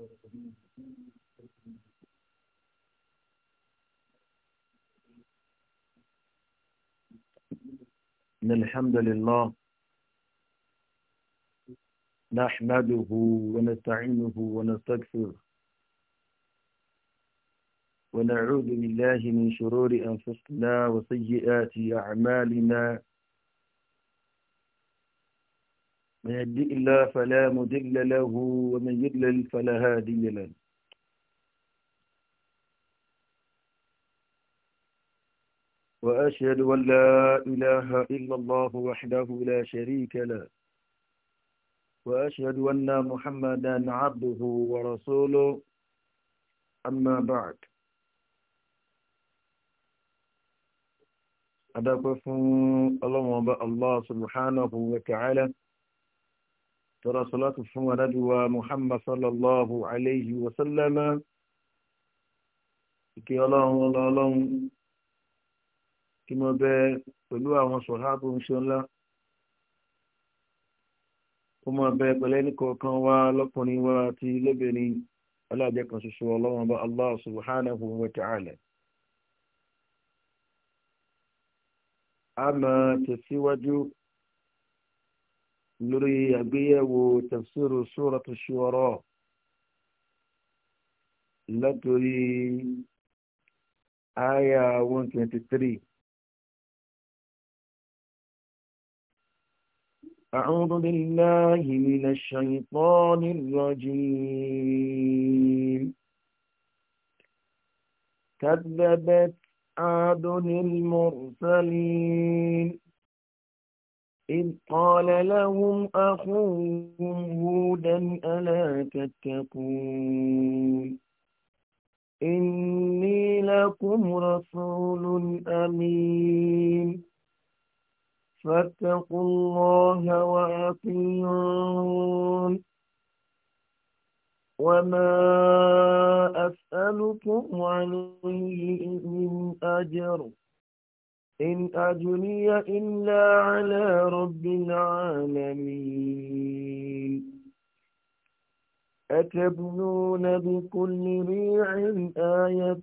إن الحمد لله نحمده ونستعينه ونستغفره ونعوذ بالله من شرور أنفسنا وسيئات أعمالنا من يهدي الله فلا مضل له ومن يضلل فلا هادي له وأشهد أن لا إله إلا الله وحده لا شريك له وأشهد أن محمدا عبده ورسوله أما بعد أدعوكم الله الله سبحانه وتعالى tọrọ sọlátù fún adájúwa muhammad sallallahu alayhi wa sallam ìkè ọlọ́run ọlọ́run kí mo bẹ pẹ̀lú àwọn sọ̀hábù ń ṣe ńlá ó máa bẹ pẹ̀lẹ́ ní kọ̀ọ̀kan wá lọ́kùnrin wá àti lóbìnrin aláàjẹ́ kan ṣoṣo ọlọ́run bá allah subhanahu wa ta'ala a máa tẹ̀síwájú lórí àgbéyẹ̀wò tafsiru suratu Shu'ara látòrí àyà 123. twenty three. أعوذ بالله من الشيطان الرجيم كذبت عاد المرسلين إذ قال لهم أخوهم هودا ألا تتقون إني لكم رسول أمين فاتقوا الله وأطيعون وما أسألكم عليه من أجر إن أجري إلا على رب العالمين أتبنون بكل ريع آية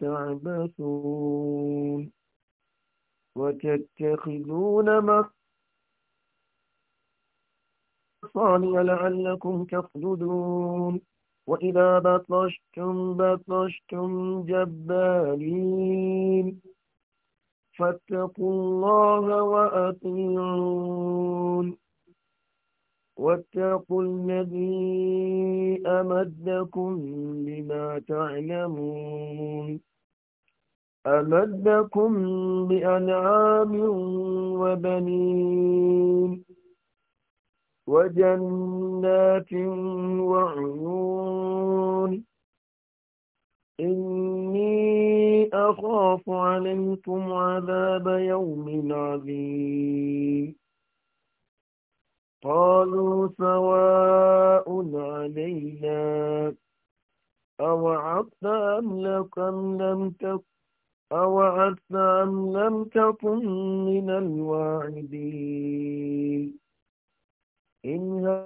تعبثون وتتخذون مصانع لعلكم تخلدون وإذا بطشتم بطشتم جبارين فاتقوا الله وأطيعون واتقوا الذي أمدكم بما تعلمون أمدكم بأنعام وبنين وجنات وعيون إني أخاف عليكم عذاب يوم عظيم قالوا سواء علينا أوعدت أم لكم لم تكن أوعدت أم لم تكن من الواعدين إن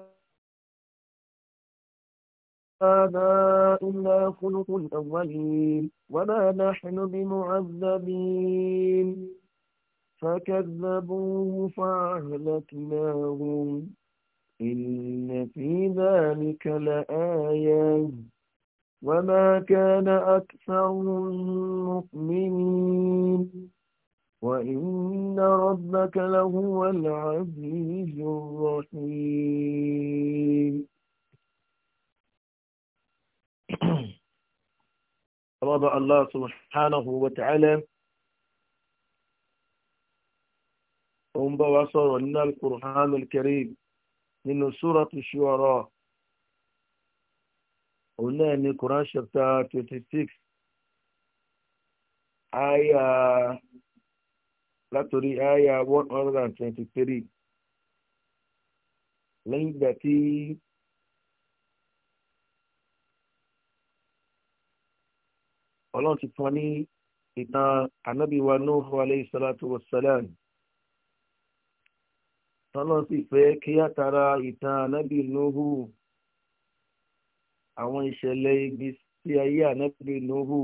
هذا إلا خلق الأولين وما نحن بمعذبين فكذبوه فأهلكناهم إن في ذلك لآية وما كان أكثرهم مؤمنين وإن ربك لهو العزيز الرحيم رضى الله سبحانه وتعالى òun bá wa sọ̀rọ̀ nínú al-Qur'an al-Karim nínú Suratu Shu'ara òun náà ní Qur'an chapter twenty six aya látòrí aya one hundred and twenty three lẹ́yìn ìgbà tí. ọlọ́run ti fún ní ìtàn ànábì wa Nuhu alayhi salatu wassalam tọ́lọ́n sì fẹ́ kí àtàrà ìtàn ànábì Nuhu àwọn ìṣẹ̀lẹ̀ igi sí ayé ànábì Nuhu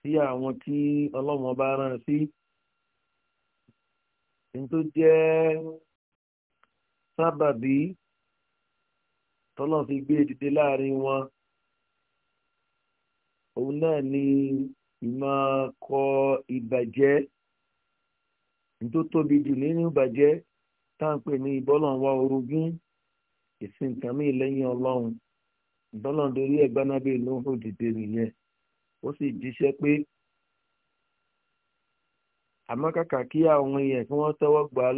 sí àwọn tí ọlọ́run bá rán sí tó jẹ́ sábàbí tọ́lọ́n fi gbé dìde láàrin wọn. òun náà ni ìmọ̀ kọ ìbàjẹ́ tó tóbi jù nínú ìbàjẹ́ tá à ń pè ní ìbọ́lọ̀wọ́ orogún ìsìn nǹkan mí lẹ́yìn ọlọ́run ìbọ́lọ̀n dorí ẹ̀gbánábì ló ń hò nìyẹn ó sì jíṣẹ́ pé àmọ́ kàkà kí àwọn èèyàn kí wọ́n tẹ́wọ́ gbà á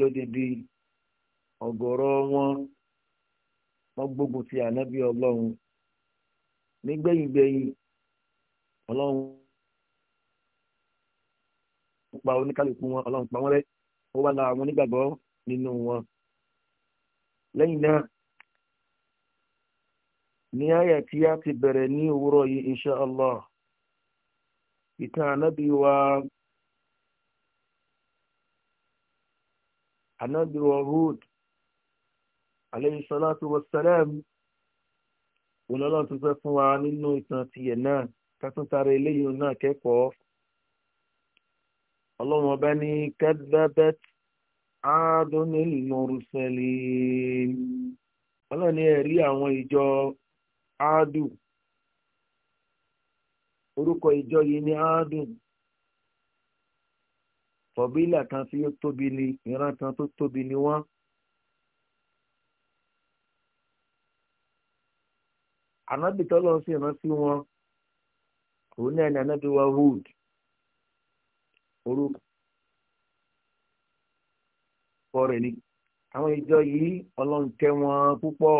wọn wọ́n gbógun ti ànábì ọlọ́run ọlọ́run pa oníkálukú wọn ọlọ́run pa ó nínú wọn. lẹ́yìn náà ní àyà tí a ti bẹ̀rẹ̀ ní òwúrọ̀ yìí allah ìtàn ànábì wa wa Hud alayhi salatu wa wa nínú ìtàn tiẹ̀ náà. kátó tara eléyìí náà kẹ́kọ̀ọ́ ọlọ́run ọba ní kadabat adunil mursalin ọlọ́run ní ẹ̀rí àwọn ìjọ adu orúkọ ìjọ yìí ní adu fọ̀bílà kan tí ó tóbi ni ìran kan tó tóbi ni wọ́n. ànábìtọ́ lọ sí ìrántí wọn òun náà ní anábì wa Hud orúkọ rẹ̀ ni àwọn ìjọ yìí ọlọ́run tẹ́ wọn púpọ̀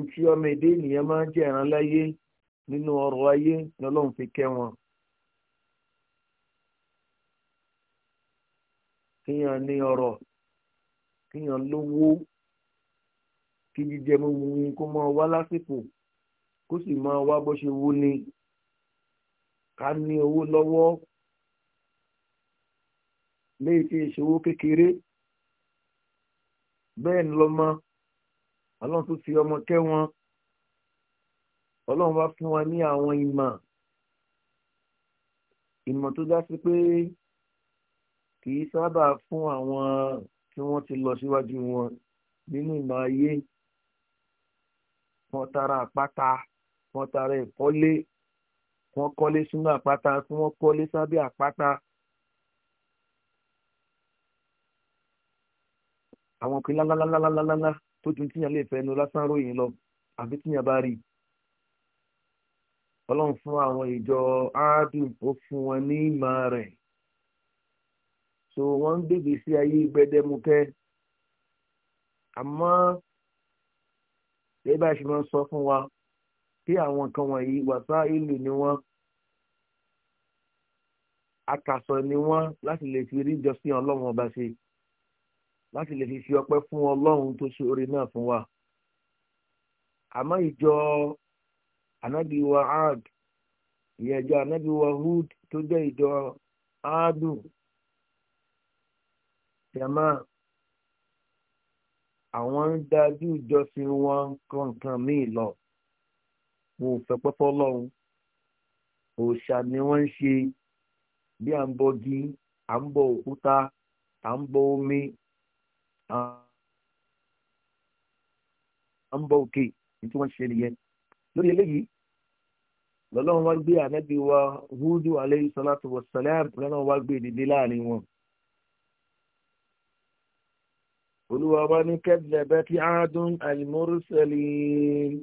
ntí ọmọ èdè ènìyàn máa ń jẹ́ láyé nínú ọrọ̀ ayé ni ọlọ́run fi kẹ́ wọn. kíyàn ní ọrọ̀ kíyàn lówó kí jíjẹ mímu kó máa wá lásìkò kó sì máa wá bó ṣe wú ni ká ní owó lọ́wọ́ léyìí tí ìṣòwò kékeré bẹ́ẹ̀ ni lọ́mọ ọlọ́run tó fi ọmọ kẹ́ wọn ọlọ́run wá fún wa ní àwọn ìmọ̀ ìmọ̀ tó dá sí pé kì í sábà fún àwọn tí wọ́n ti lọ síwájú wọn nínú ìmọ̀ ayé wọn tara àpáta wọ́n tara ẹ̀ kọ́lé wọ́n kọ́lé sínú àpáta tí wọ́n kọ́lé sábẹ́ àpáta. àwọn òkè lálálálálálá tó ju tíyàn lè fẹ́ nu lásán ròyìn lọ àbí tíyàn bá rí i. ọlọ́run fún àwọn ìjọ áádùn ó fún wọn ní ìmọ̀ rẹ̀. so wọ́n ń bèbè sí ayé gbẹdẹmukẹ́ àmọ́ ẹ bá ṣe máa ń sọ fún wa pé àwọn kan wọ̀nyí wàsá ìlú ni wọ́n akàsọ̀ ni wọ́n láti lè fi rí ìjọsìn ọlọ́run ọba ṣe láti lè fi fi ọpẹ́ fún ọlọ́run tó ṣe oore náà fún wa àmọ́ ìjọ ànábì wa Ad ìyẹn ìjọ ànábì wa Hud tó jẹ́ ìjọ Adu jama àwọn ń dájú ìjọsìn wọn kankan míì lọ wọn ò fẹ́ pẹ́pẹ́ ọlọ́run òòṣà ni wọ́n ń ṣe bí à ń bọ gi à ń bọ òkúta à ń bọ omi à ń bọ òkè ní tí wọ́n ṣe nìyẹn lórí eléyìí lọ́lọ́run wá gbé ànábì wa húdù alayhi salatu wa wá gbé ìdílé láàrin wọn. olúwa wa ní kẹ́dìlẹ̀ bẹ́ẹ̀ tí aadùn al-mursalin.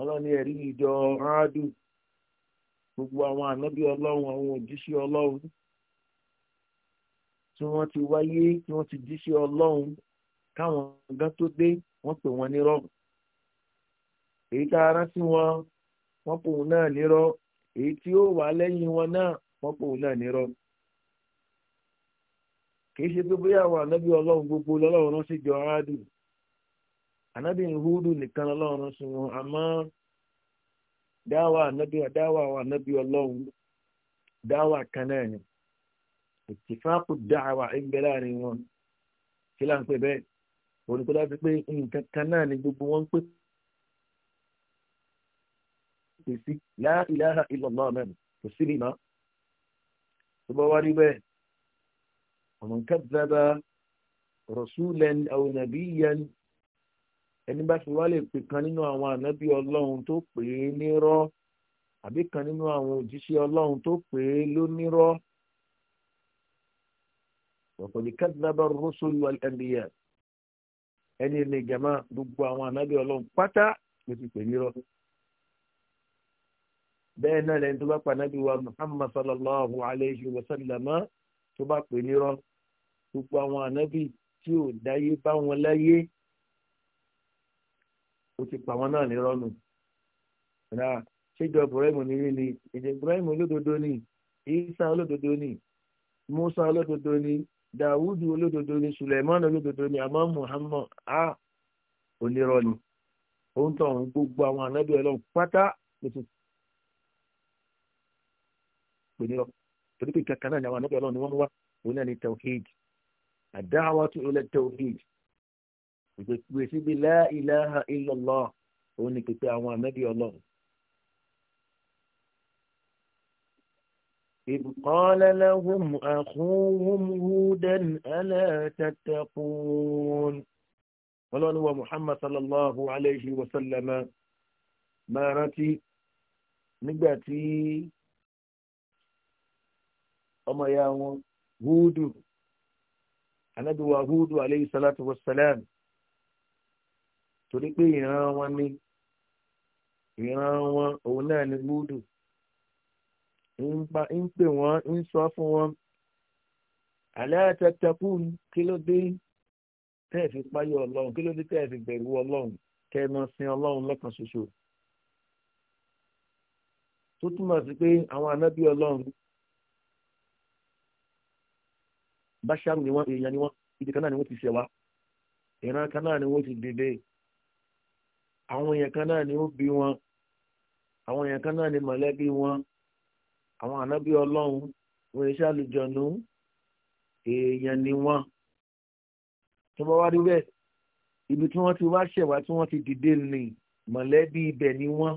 ọlọ́run ẹ̀rí ìjọ áádù gbogbo àwọn ànábì ọlọ́run àwọn òjíṣẹ́ ọlọ́run tí wọ́n ti wáyé tí wọ́n ti jíṣẹ́ ọlọ́run káwọn gan tó dé wọ́n pè wọ́n nírọ́ èyí tá a wọn wọ́n náà nírọ́ èyí tí ó wọn náà wọ́n náà nírọ́ kì í ṣe pé gbogbo lọ́lọ́run rán ànábì Húdù nìkan ọlọ́run sí wọn àmọ́ dáwà ànábì dáwà àwọn ànábì ọlọ́run dáwà kan náà ni ìtìfáàkù dáwà ń bẹ láàrin wọn kí là ń pè bẹ́ẹ̀ òun kò dájú pé nǹkan kan náà ni gbogbo wọn ń pè pè sí la ilaha mẹ́rin kò sí ní tó bá wá rí bẹ́ẹ̀ ọ̀nà kẹ́tẹ́bà rasulan aw nabiyyan ẹni bá fi wá lè pè kan nínú àwọn ànábì ọlọ́run tó pè é nírọ́ àbí kan nínú àwọn òjíṣẹ́ ọlọ́run tó pè é lónírọ́ ọ̀pọ̀lọpọ̀ kẹ́tìlábà rọ́sọ̀lù ẹ̀ndìyà ẹni ilé ìjàmá gbogbo àwọn ànábì ọlọ́run pátá ló ti pè nírọ́ bẹ́ẹ̀ náà lẹ́yìn tó bá pa ànábì wa muhammad sallallahu alayhi wa sallam tó bá pè nírọ́ gbogbo àwọn ànábì tí ò dáyé bá wọn láyé ó ti pa wọn náà ní rọ́nù ẹ̀dá ṣéjọ ibrahim nílé ni èdè ibrahim olódodo ni isa olódodo ni musa olódodo ni dawudu olódodo ni suleiman olódodo ni àmọ́ muhammad a onírọ́ ni òun tó àwọn gbogbo àwọn ànábì ọlọ́run pátá lóṣù pè ní lọ kankan náà ni àwọn ànábì ọlọ́run ni wọ́n wá òun náà ni tawhid àdáwà tó lọ tawhid ìpèpè síbi la ilaha illallah òun ni pèpè àwọn ànábì ọlọ́run. إذ قال لهم أخوهم هودا ألا تتقون ọlọ́run wa muhammad sallallahu alayhi wa sallam máa rántí nígbà tí ọmọ ya wọn húdù anábìwá húdù alayhi salatu wa salam torí pé ìran wọn ni ìran wọn òun náà ni gbúdù ń pè wọ́n ń sọ fún wọn aláàtẹ̀tẹ̀kùn kí ló dé tẹ́ ẹ̀ fi páyọ̀ ọlọ́run kí ló dé tẹ́ ẹ̀ fi bẹ̀rù ọlọ́run kẹ́ ẹ mọ sin ọlọ́run lọ́kàn ṣoṣo tó túmọ̀ sí pé àwọn anábì ọlọ́run báṣáàrù ni wọ́n èèyàn ni wọ́n ìdí kan náà ni wọ́n ti ṣẹ̀wá ìran kan náà ni wọ́n ti dìde àwọn èèyàn kan náà ni ó bí wọn àwọn èèyàn kan náà ni mọ̀lẹ́bí wọn àwọn ànábí ọlọ́run wọn iṣẹ́ àlùjọ̀nù èèyàn ni wọn tó bá wá rí bẹ́ẹ̀ ibi tí wọ́n ti wá ṣẹ̀wá tí wọ́n ti dìde nì mọ̀lẹ́bí ibẹ̀ ni wọ́n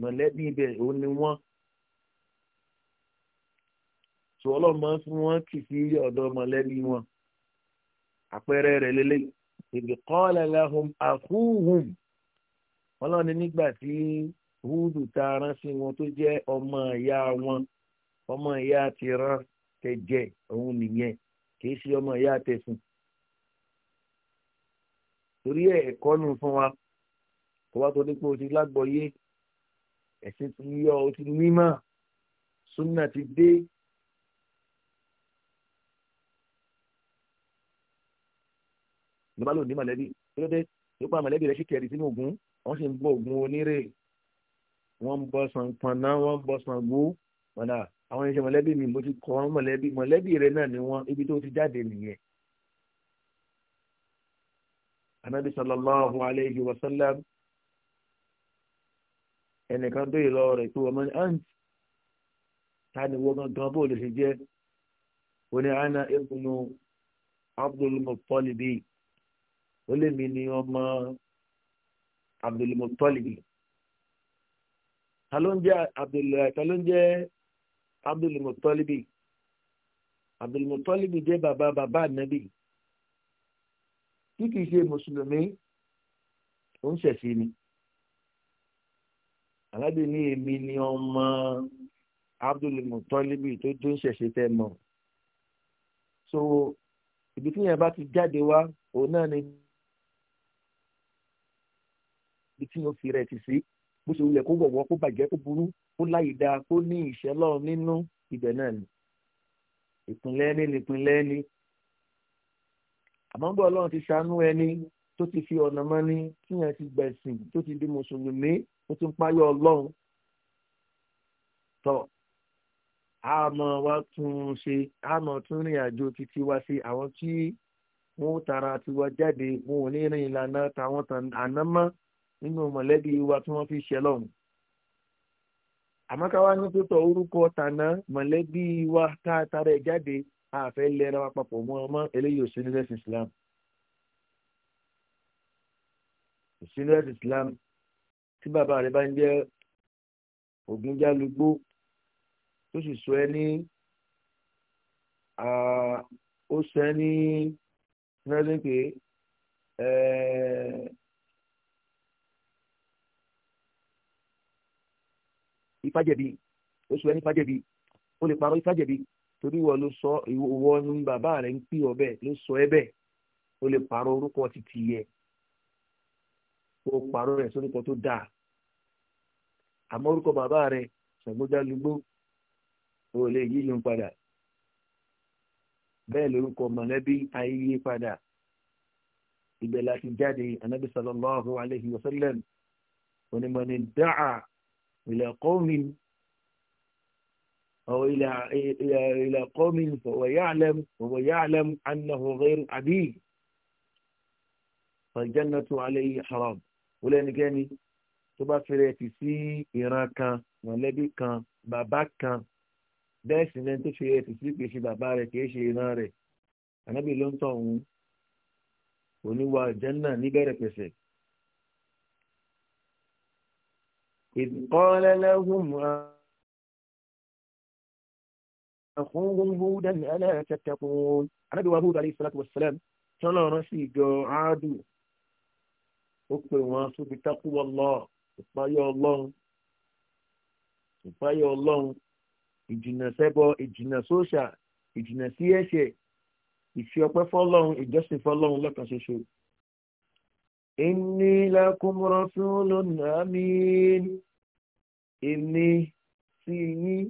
mọ̀lẹ́bí ibẹ̀ ò ní wọ́n tó ọlọ́mọ fún wọn kì sí ọ̀dọ̀ mọ̀lẹ́bí wọn àpẹẹrẹ rẹ̀ lélẹ́yìn ìgbìkọ́ lẹ́lẹ́hùn àkúhùn ọlọ́ni nígbà tí húdù tá a rán sí wọn tó jẹ́ ọmọ ìyá wọn ọmọ ìyá ti rán tẹ̀jẹ̀ òun nìyẹn kì í ṣe ọmọ ìyá tẹ̀sìn torí ẹ̀ ẹ̀kọ́ nù fún wa kó wá tó ní pé o ti lágbọ́yé ẹ̀sìn ti yọ o ti mímọ́ súnà ti dé. ló ní mọ̀lẹ́bí kí ló pa mọ̀lẹ́bí rẹ̀ sí kẹrì sínú ògún wọ́n sì ń bọ ògùn onírè wọ́n ń bọ sanpaná wọ́n ń bọ sangbó wọ́dà àwọn ẹ̀ṣẹ̀ mọ̀lẹ́bí mi mo ti kọ́ wọn mọ̀lẹ́bí mọ̀lẹ́bí rẹ náà ni wọ́n ibi tó ti jáde nìyẹn. anabi sallallahu alayhi wa sallam ẹnìkan bẹ́ẹ̀ lọ rẹ̀ tó ọmọ ant ta ni wọ́n gan bó lè ṣe jẹ́ oní ana ibnu abdul muttalibi ó lè mi ní ọmọ abdulmutalibi ta ló ń jẹ́ eh, ta ló ń jẹ́ abdulmutalibi abdulmutalibi jẹ́ bàbá bàbá ànábì tí kìí ṣe mùsùlùmí ó ń ṣẹ̀sí ni alábì ní èmi ni ọmọ abdulmutalibi tó tó ń ṣẹ̀ṣẹ̀ tẹ́ mọ́ so ibi tí yẹn bá ti jáde wá òun náà ni bí tí yóò fi rẹ̀ ti sí bó ṣe wulẹ̀ kó wọ̀wọ́ kó bàjẹ́ kó burú kó láyé da kó ní ìṣẹ́lọ́ nínú ibẹ̀ náà ni ìpínlẹ̀ ẹni nìpínlẹ̀ ẹni àmọ́ bí ọlọ́run ti ṣàánú ẹni tó ti fi ọ̀nà mọ́ni tí yẹn ti gbẹ̀sìn tó ti di mùsùlùmí tó ti ń páyọ̀ ọlọ́run tọ̀ a mọ̀ wá tún ṣe a mọ̀ tún rìn àjò títí wá sí àwọn tí wọ́n tara tiwa jáde wọn ò ní rìn ìlànà tàwọn àná mọ́ nínú mọ̀lẹ́bí wa tí wọ́n fi ṣe lọ́run àmọ́ ká wá ní pípọ̀ orúkọ tàná mọ̀lẹ́bí wa tá a tara ẹ̀ jáde àfẹ́ lẹ́ra wa papọ̀ mọ́ ọmọ eléyìí ò sí Islam ò sí Islam tí bàbá rẹ̀ bá ń jẹ́ Ògúnjálúgbó tó sì sọ ẹ́ ní ó sọ ẹ́ ní rẹ́díǹkì ẹ̀ẹ́. ìfàjẹ̀bi oṣù ẹni ìfàjẹ̀bi ó lè parọ́ ìfàjẹ̀bi torí ìwọ ló sọ ìwọ ní bàbá rẹ̀ ń pè ọbẹ̀ ló sọ ẹ bẹ́ẹ̀ ó lè parọ́ orúkọ títí yẹ ó parọ́ rẹ̀ sórúkọ tó dáa àmọ́ orúkọ bàbá rẹ̀ ṣàgbọ́dálúgbó ó lè yíyún padà bẹ́ẹ̀ lórúkọ mọ̀lẹ́bí ayé padà ibẹ̀ láti jáde anábì sallallahu alayhi wa sallam onímọ̀ ni dáa إلى قوم أو إلى إلى إلى قوم فهو يعلم وهو يعلم أنه غير عبيد فالجنة عليه حرام ولأن كان تبا فريتي سي إراكا ولبي كان بابا كان bẹ́ẹ̀ sì ni tó ṣe ètò sí kìí ṣe bàbá rẹ̀ kìí ṣe إذ قال لهم أخوهم هودا ألا تتقون النبي هود عليه الصلاة والسلام tọ́lọ̀ rán sí ìjọ áádù ó pè wọ́n síbi tákùwọ́ lọ ìpáyọ̀ ọlọ́run ìpáyọ̀ ọlọ́run ìjìnà sẹ́bọ ìjìnà sóṣà ìjìnà sí ẹ̀ṣẹ̀ ìfi ọpẹ́ fọlọ́run ìjọsìn fọlọ́run lọ́kàn ṣoṣo inni lakum rasulun amin èmi sí yín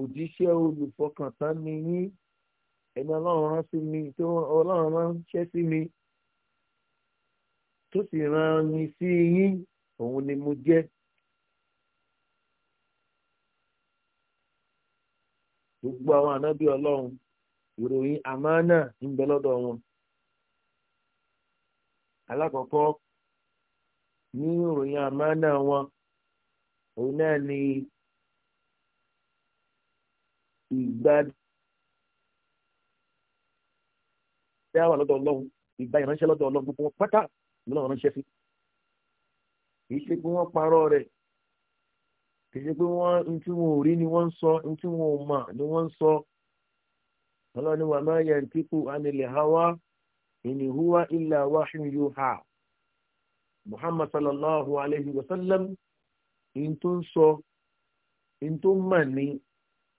òjíṣẹ́ olùfọkàntán ni yín ẹni ọlọ́run rán sí mi tó ọlọ́run ránṣẹ́ sí mi tó sì rán mi sí yín òun ni mo jẹ́. gbogbo àwọn ànábì ọlọ́run ìròyìn àmánà ń bẹ lọ́dọ̀ wọn. alakọkọ ní ìròyìn àmánà wọn òun náà ni ìgbà dáwà lọ́dọ̀ gbogbo wọn pátá lọ́dọ̀ ránṣẹ́ sí kì í ṣe pé wọ́n parọ́ rẹ̀ kì í ṣe pé tí wọn ò rí ni wọ́n sọ ń tí wọn ò sọ ni wàá máa yẹ ní ìní huwa illa wahyu yuha muhammad sallallahu alayhi wa sallam in tó ń sọ in tó mọ̀ ní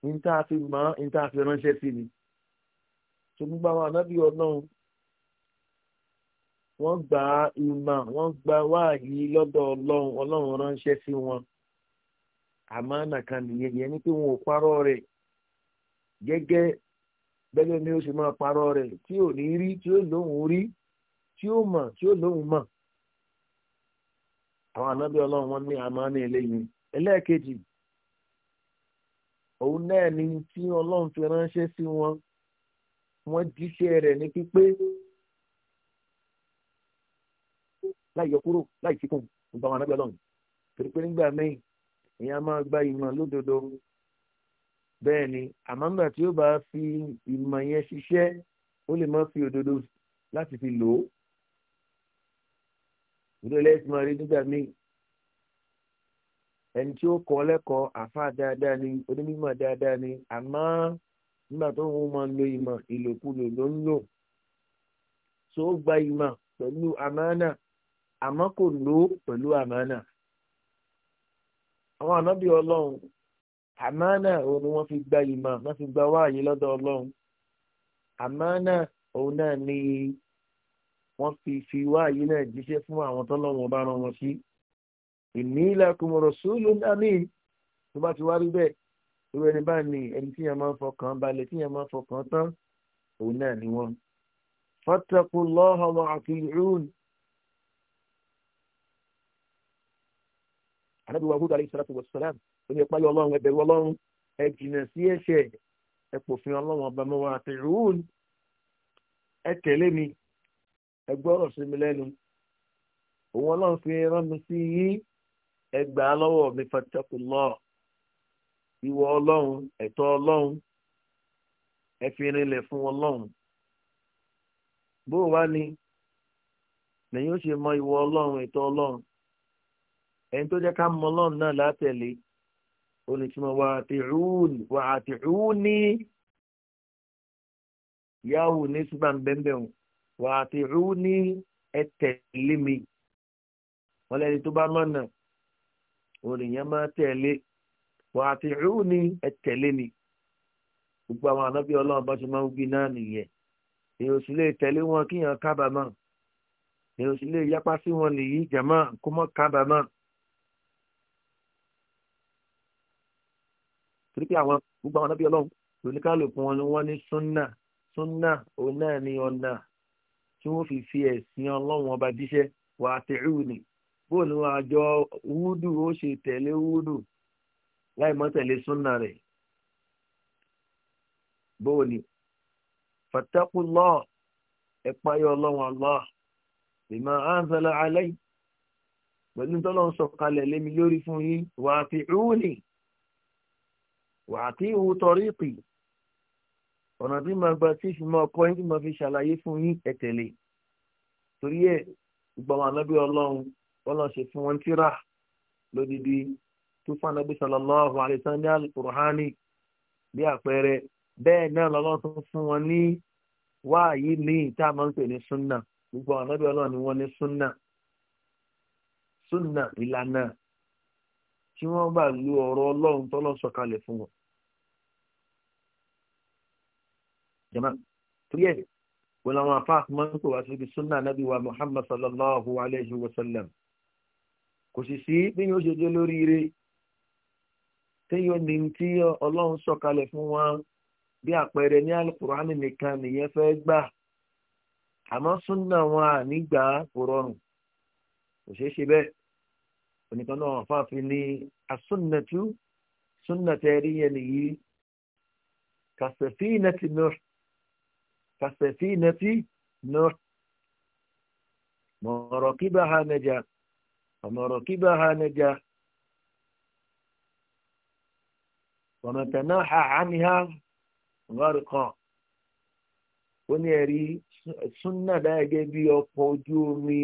in tá a fi mọ̀ in tá a fi ránṣẹ́ sí ni tó gbogbo àwọn ànábì ọlọ́run wọ́n gba ìmọ̀ wọ́n gba wáàyí lọ́dọ̀ ọlọ́run ọlọ́run ránṣẹ́ sí wọn àmọ́ nàkan nìyẹn yẹn ni pé wọn ò parọ́ rẹ̀ gẹ́gẹ́ bẹ́ẹ̀ ni ó sì máa parọ́ rẹ̀ tí ò ní rí tí ó lóhùn rí tí ó mọ̀ tí ó lóhùn mọ̀ àwọn ànábì ọlọ́run wọn ní àmọ́ ní eléyìí ẹlẹ́ẹ̀kejì òun náà ni tí ọlọ́run fi ránṣẹ́ sí wọn wọ́n jíṣẹ́ rẹ̀ ní pípé láì yọ kúrò láì fikùn gbogbo àwọn ànábì ọlọ́run torí pé nígbà míì èèyàn máa gba ìmọ̀ lódodo bẹ́ẹ̀ ni àmọ́ nígbà tí ó bá fi ìmọ̀ yẹn ṣiṣẹ́ ó lè má fi òdodo láti fi lò ó ìdílé lẹ́sìn máa rí nígbà míì ẹni tí ó kọ́ lẹ́kọ̀ọ́ àfa dáadáa ni onímọ̀ dáadáa ni àmọ́ nígbà tó ń máa lo ìmọ̀ ìlòkulò ló ń lò tó gba ìmọ̀ pẹ̀lú àmánà àmọ́ kò lò ó pẹ̀lú àmánà àwọn ànábì ọlọ́run àmánà òun ni wọ́n fi gba ìmọ̀ wọ́n fi gba wáàyè lọ́dọ̀ ọlọ́run àmánà òun náà ni wọ́n fi fi wáàyè náà jíṣẹ́ fún àwọn tọ́lọ́wọ́n bá rán wọn sí ìní lakum rasulun amin tó bá ti wá rí bẹ́ẹ̀ irú ẹni bá ní ẹni tí yẹn máa ń fọkàn balẹ̀ tí yẹn máa ń fọkàn tán òun náà ni wọ́n. fattaqullaha wa ati'un anábìwá húdà alayhi oní ìpáyọ ọlọ́run ẹbẹ̀rù ọlọ́run ẹ jìnà sí ẹ̀ṣẹ̀ ẹ pòfin ọlọ́run ọba mọ́wọ́ àtẹ̀rùn ẹ tẹ̀lé mi ẹ gbọ́rọ̀ sí mi lẹ́nu òun ọlọ́run fi rán mi sí yín ẹ gbà á lọ́wọ́ mi fàtẹ́kù lọ ìwọ ọlọ́run ẹ̀tọ́ ọlọ́run ẹ fi rinlẹ̀ fún ọlọ́run bó wá ni lẹ́yìn ó ṣe mọ ìwọ ọlọ́run ẹ̀tọ́ ọlọ́run ẹni tó jẹ́ ká mọ ọlọ́run náà látẹ̀lé ó ní túmọ̀ wà àtìrúni yáwù ní ṣùgbà ń bẹ́ẹ̀ wà àtìrúni ẹ tẹ̀lé mi wọ́n lẹ́ni tó bá mọ̀nà ònìyàn máa tẹ̀lé wà àtìrúni ẹ tẹ̀lé mi gbogbo àwọn ànábì ọlọ́run bá ṣe máa ń gbin náà nìyẹn èèyàn sì lè tẹ̀lé wọn kíyàn kábàámọ̀ èèyàn sì lè yápa sí wọn nìyí jàmá kó mọ́ kábàámọ̀. torí pé àwọn gbogbo àwọn anábìyàn ọlọ́run oníkálùkù wọn ni wọ́n ní súnà súnà òun náà ní ọ̀nà tí wọ́n fi fi ẹ̀sìn ọlọ́run ọba jíṣẹ́ wà á tẹ̀rù ni bóòlù àjọ wúdù ó ṣe tẹ̀lé wúdù láì mọ́ tẹ̀lé súnà rẹ̀ bóòlù fàtẹ́kùlọ́ ẹ̀páyọ̀ ọlọ́run Allah bima anzala alay pẹ̀lú tọ́lọ́run sọ̀kalẹ̀ lémi lórí fún yín wà á tẹ̀rù ni wà á tí ìhù tọrí ìpì ọ̀nà tí màá gba tí ìfimọ́ ọkọ yín tí màá fi ṣàlàyé fún yín ẹ tẹ̀lé torí ẹ̀ ìgbọ̀wọ́ ànábì ọlọ́run ọlọ́run ṣe fún wọn tíra lódìdí tó fún ànábì sallallahu alaihi wasallam ní al-Qur'ani bí àpẹẹrẹ bẹ́ẹ̀ náà lọ́lọ́run tó fún wọn ní wáàyí míì tá a máa ń pè ní súnà gbogbo ànábì ọlọ́run ni wọ́n ní súnà súnà ìlànà tí wọ́n bá lu ọ̀rọ̀ ọlọ́run tọ́lọ́ sọ̀kalẹ̀ fún wọn jama torí ẹ̀ wọn làwọn afáàkì máa ń pè wá síbi sunna nabi wa muhammad sallallahu alayhi wa sallam kò sì sí bí yóò ṣe jẹ́ lóríire téèyàn ní tí ọlọ́run sọ̀kalẹ̀ fún wọn bí àpẹẹrẹ ní alukur'an nìkan nìyẹn fẹ́ gbà àmọ́ súnà wọn nígbà kò rọrùn kò ṣeé ṣe bẹ́ẹ̀ oníkan náà fàáfin ní asúnnàtú súnnàtẹ́rí yẹn nìyí kàṣẹ̀fínàtì náà kàṣẹ̀fì nẹ́tí nọ́ọ̀ mọ̀rọ̀ kí bá ha nẹja mọ̀rọ̀ kí bá ha nẹja ọ̀mọ̀tẹ̀nà ha àníhà ńgọ́rùkọ́ ó ní ẹ̀rí súnà dáẹ́gẹ́ bí ọkọ̀ ojú omi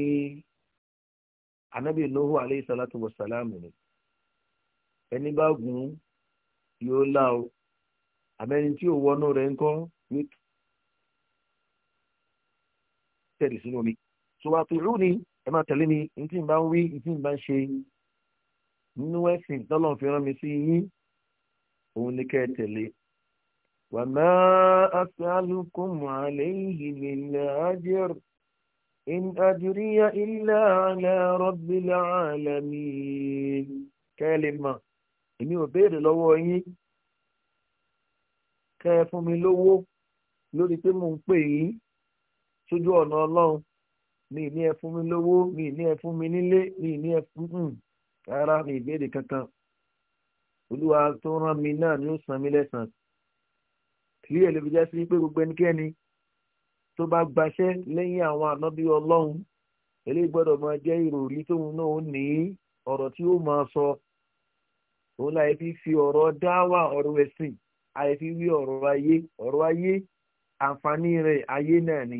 anábì Nuhu alayhi salatu wa salamu ni ẹni bá gùn yóò lá o àmẹ́ni tí ò wọnú rẹ̀ ńkọ́ yóò tẹ̀lé sínú omi ṣùgbọ́n àtúrú ni ẹ máa tẹ̀lé mi ní tí n bá ń wí ní tí n bá ń ṣe nínú ẹ̀sìn tọ́lọ̀ fi rán mi sí yín òun ni kẹ́ ẹ tẹ̀lé. wà má as'alukum alayhi min ajr in ajriya illa ala rabbil alamin kẹ́ ẹ lè mọ̀ èmi ò béèrè lọ́wọ́ yín kẹ́ ẹ fún mi lówó lórí pé mò ń pè yín sójú ọ̀nà ọlọ́run mi ní ẹ fún mi lówó mi ní ẹ fún mi nílé mi ní ẹ fún un rárá mi ìbéèrè kankan olúwa tó rán mi náà ni ó san mí lẹ́sàn-án clear ló fi já sí pé gbogbo ẹnikẹ́ni tó bá gbaṣẹ́ lẹ́yìn àwọn ànábí ọlọ́run eléyìí gbọ́dọ̀ máa jẹ́ ìròrí tóun náà ní ọ̀rọ̀ tí ó máa sọ òun láì fi fi ọ̀rọ̀ dáwà ọ̀rọ̀ ẹ̀sìn àìfi wí ọ̀rọ̀ ayé ọ̀rọ̀ ayé àǹfààní rẹ̀ ayé náà ni